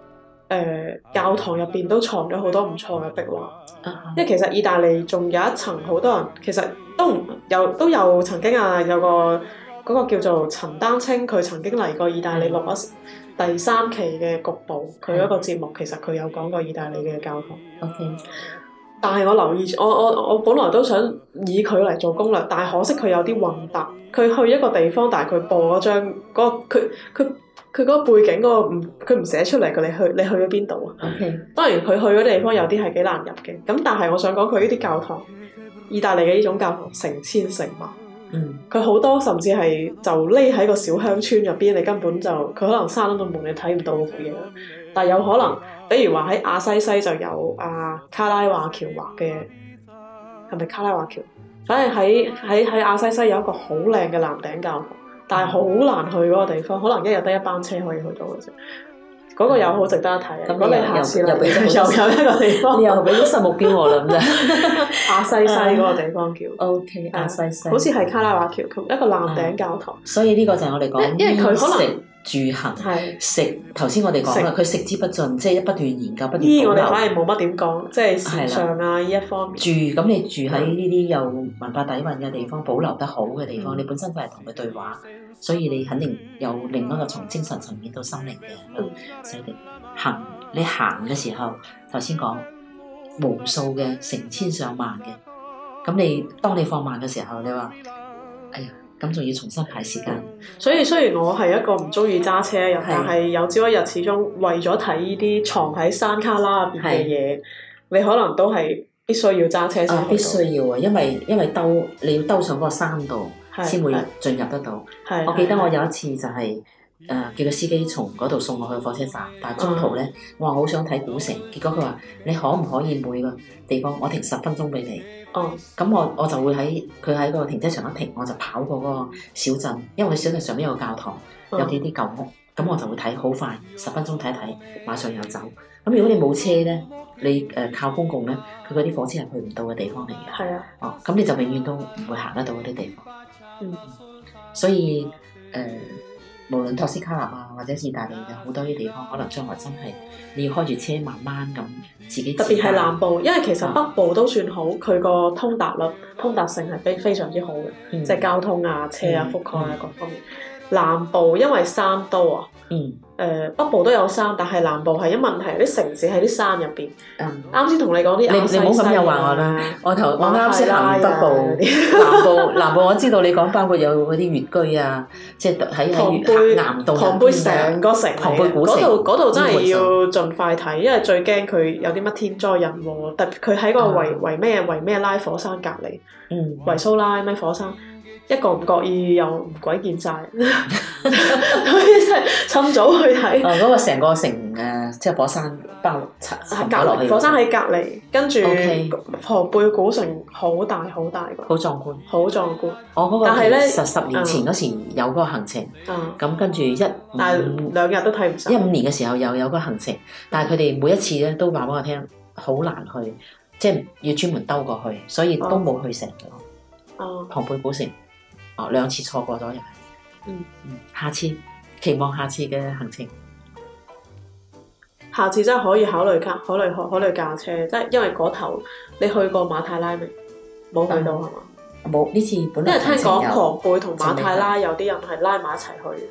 S1: 誒、呃、教堂入邊都藏咗好多唔錯嘅壁畫，uh huh. 因為其實意大利仲有一層好多人，其實都有都有曾經啊有個嗰、嗰個叫做陳丹青，佢曾經嚟過意大利錄咗第三期嘅局部，佢嗰、uh huh. 個節目其實佢有講過意大利嘅教堂。Okay. 但係我留意，我我我本來都想以佢嚟做攻略，但係可惜佢有啲混搭，佢去一個地方，但係佢播嗰張佢佢。那個佢嗰個背景嗰、嗰個佢唔寫出嚟嘅。你去你去咗邊度啊？Okay. 當然佢去嗰啲地方有啲係幾難入嘅。咁但係我想講佢呢啲教堂，意大利嘅呢種教堂成千成萬。佢好、mm. 多甚至係就匿喺個小鄉村入邊，你根本就佢可能閂咗道門，你睇唔到嘢。但係有可能，比如話喺阿西西就有阿、啊、卡拉瓦橋畫嘅，係咪卡拉瓦橋？反正喺喺喺阿西西有一個好靚嘅藍頂教堂。但係好難去嗰個地方，可能一日得一班車可以去到啫。嗰個有好值得睇，咁你下次又又有一
S2: 個地方，又俾啲新目標我啦，咁啫。
S1: 亞西西嗰個地方叫，O K，亞西西，好似係卡拉瓦喬，一個藍頂教堂。
S2: 所以呢個就係我哋講嘅 c o a s 住行是食，頭先我哋講啦，佢食，食之不盡，即、就、係、是、不斷研究，不斷保留。我哋反而
S1: 冇乜點講，即係線上啊呢的一方面。
S2: 住，咁你住喺呢啲有文化底蘊嘅地方，保留得好嘅地方，嗯、你本身就係同佢對話，所以你肯定有另一個從精神層面到心靈嘅。嗯嗯、所以你行你行嘅時候，頭先講無數嘅成千上萬嘅，咁你當你放慢嘅時候，你話，哎呀～咁仲要重新排時間。
S1: 所以雖然我係一個唔中意揸車人，是但係有朝一日始終為咗睇呢啲藏喺山卡拉入邊嘅嘢，是你可能都係必須要揸車。啊，必須要啊，因為因為兜你要兜上嗰個山度，先是會進入得到。是我記得我有
S2: 一次就係、是。誒，uh, 叫個司機，從嗰度送我去火車站，但係中途咧，我話好想睇古城，結果佢話，你可唔可以每個地方我停十分鐘俾你？哦，咁我我就會喺佢喺個停車場一停，我就跑過嗰個小鎮，因為小鎮上面有個教堂，有幾啲舊屋，咁、oh. 我就會睇好快，十分鐘睇睇，馬上又走。咁如果你冇車咧，你誒靠公共咧，佢嗰啲火車係去唔到嘅地方嚟嘅，係啊，哦，咁你就永遠都唔會行得到嗰啲地方。嗯，所以誒。呃無論托斯卡納啊，或者意大利嘅好多啲地方，可能將來真係你要開住車慢慢咁自己自，特別係南部，因為其實
S1: 北部都算好，佢個通達率、通達性係非非常之好嘅，嗯、即係交通啊、車啊、覆蓋、嗯、啊、嗯、各方面。南部因為山多啊，誒北部都有山，但係南部係一問題，啲城市喺啲山入邊。啱先同你講啲，你你唔好咁又話我啦。我頭我啱先行北部，南部南部我知道你講包括有嗰啲穴居啊，即係喺喺龐貝南部。龐貝成個城，龐貝古城嗰度嗰度真係要盡快睇，因為最驚佢有啲乜天災人禍，特別佢喺個維維咩維咩拉火山隔籬，維蘇拉咩火山。一個唔覺意又唔鬼見晒。所以真係趁早去睇。哦，嗰個成個城啊，即係火山爆落塵，火山喺隔離，跟住龐貝古城好大好大個，好壯觀，好壯觀。我嗰但係咧，十十年前嗰
S2: 時有嗰個行程，咁跟住一五兩日都睇唔上。一五年嘅時候又有嗰個行程，但係佢哋每一次咧都話俾我聽，好難去，即係要專門兜過去，所以都冇去成個。
S1: 哦，龐
S2: 貝古城。哦，兩次錯過咗又係，嗯嗯，下次期望下次嘅行程，
S1: 下次真係可以考慮卡，考慮可考慮駕車，即係因為嗰頭你去過馬泰拉未？冇去到係嘛？冇呢、嗯、吧次，本身。因為聽講有龐貝同馬泰拉有啲人係拉埋一齊去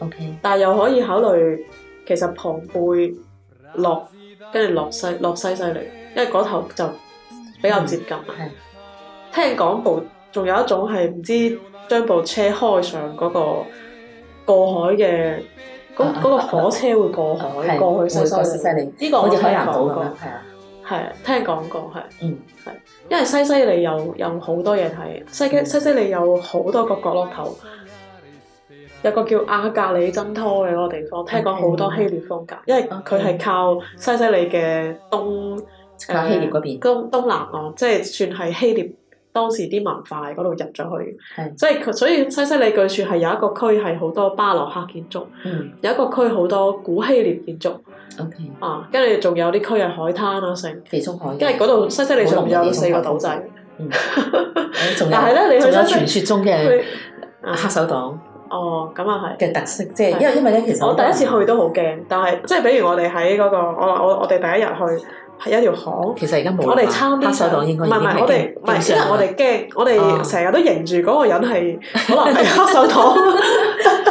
S1: ，OK，但係又可以考慮，其實龐貝落跟住落西落西西嚟，因為嗰頭就比較接近。係、嗯，聽講部仲有一種係唔知。將部車開上嗰、那個過海嘅，咁嗰、那個火車會過海、啊、過去西西里。呢是會個我哋睇聽講過，係啊，係聽講過，係嗯係，因為西西里有有好多嘢睇，西、嗯、西西西里有好多個角落頭，有個叫阿格里真托嘅嗰個地方，聽講好多希臘風格，嗯、因為佢係靠西西里嘅東，靠希臘東南岸，即係算係希臘。當時啲文化喺嗰度入咗去，即係的所以西西里據說係有一個區係好多巴洛克建築，嗯、有一個區好多古希臘建築。Okay. 啊，跟住仲有啲區係海灘啊，成，跟住嗰度西西里仲有四個島仔。但係咧，你去咗西西，傳說中嘅黑手黨。哦，咁啊係嘅特色，即係因為因為咧，其實我第一次去都好驚，但係即係比如我哋喺嗰個，我我我哋第一日去係有條巷，其實而家冇，我哋撐啲黑手黨，應該唔係唔係，我哋唔係，因為我哋驚，我哋成日都認住嗰個人係可能黑手黨，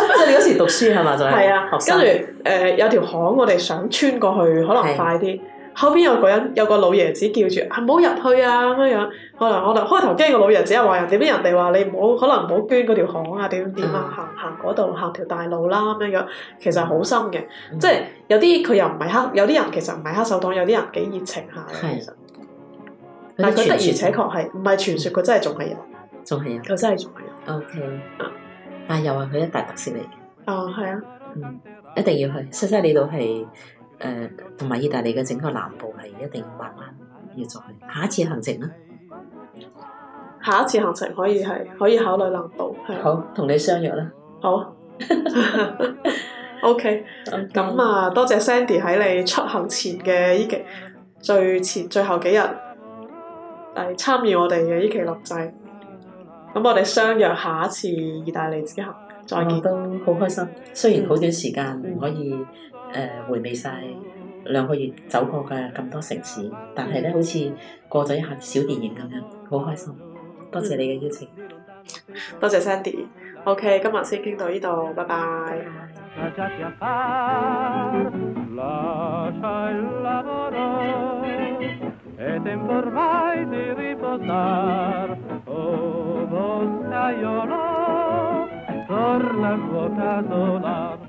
S1: 即係你嗰時讀書係咪就係？係啊，跟住誒有條巷，我哋想穿過去，可能快啲。後邊有個人，有個老爺子叫住：，啊，唔好入去啊咁樣樣。後來我哋開頭驚個老爺子又話人點，點人哋話你唔好，可能唔好捐嗰條巷啊，點點啊，行行嗰度行條大路啦咁樣樣。其實好深嘅，即係有啲佢又唔係黑，有啲人其實唔係黑手黨，有啲人幾熱情下。係。
S2: 但佢的而且確
S1: 係唔係傳説，佢真係仲係有，
S2: 仲係有，佢真係仲係有。OK，但係又話佢一大特色嚟嘅。哦，係啊，一定要去，西西里度係。誒同埋意大利嘅整個南部係一定要慢慢，要再去下一次行程啦，
S1: 下一次行程可以係可以考慮南部，係好
S2: 同你相約啦，
S1: 好，OK，咁啊多謝 Sandy 喺你出行前嘅呢期最前最後幾日嚟參與我哋嘅呢期錄製。咁我哋相約下一次意大利之行再見，啊、都好開心，雖然好短時間唔 Okay. 可以。誒回味
S2: 曬兩個月走過嘅咁多城市，但係咧好似過咗一下小電影咁樣，好開心，
S1: 多謝你嘅邀請，多謝 Sandy，OK，今日先傾到呢度，拜拜。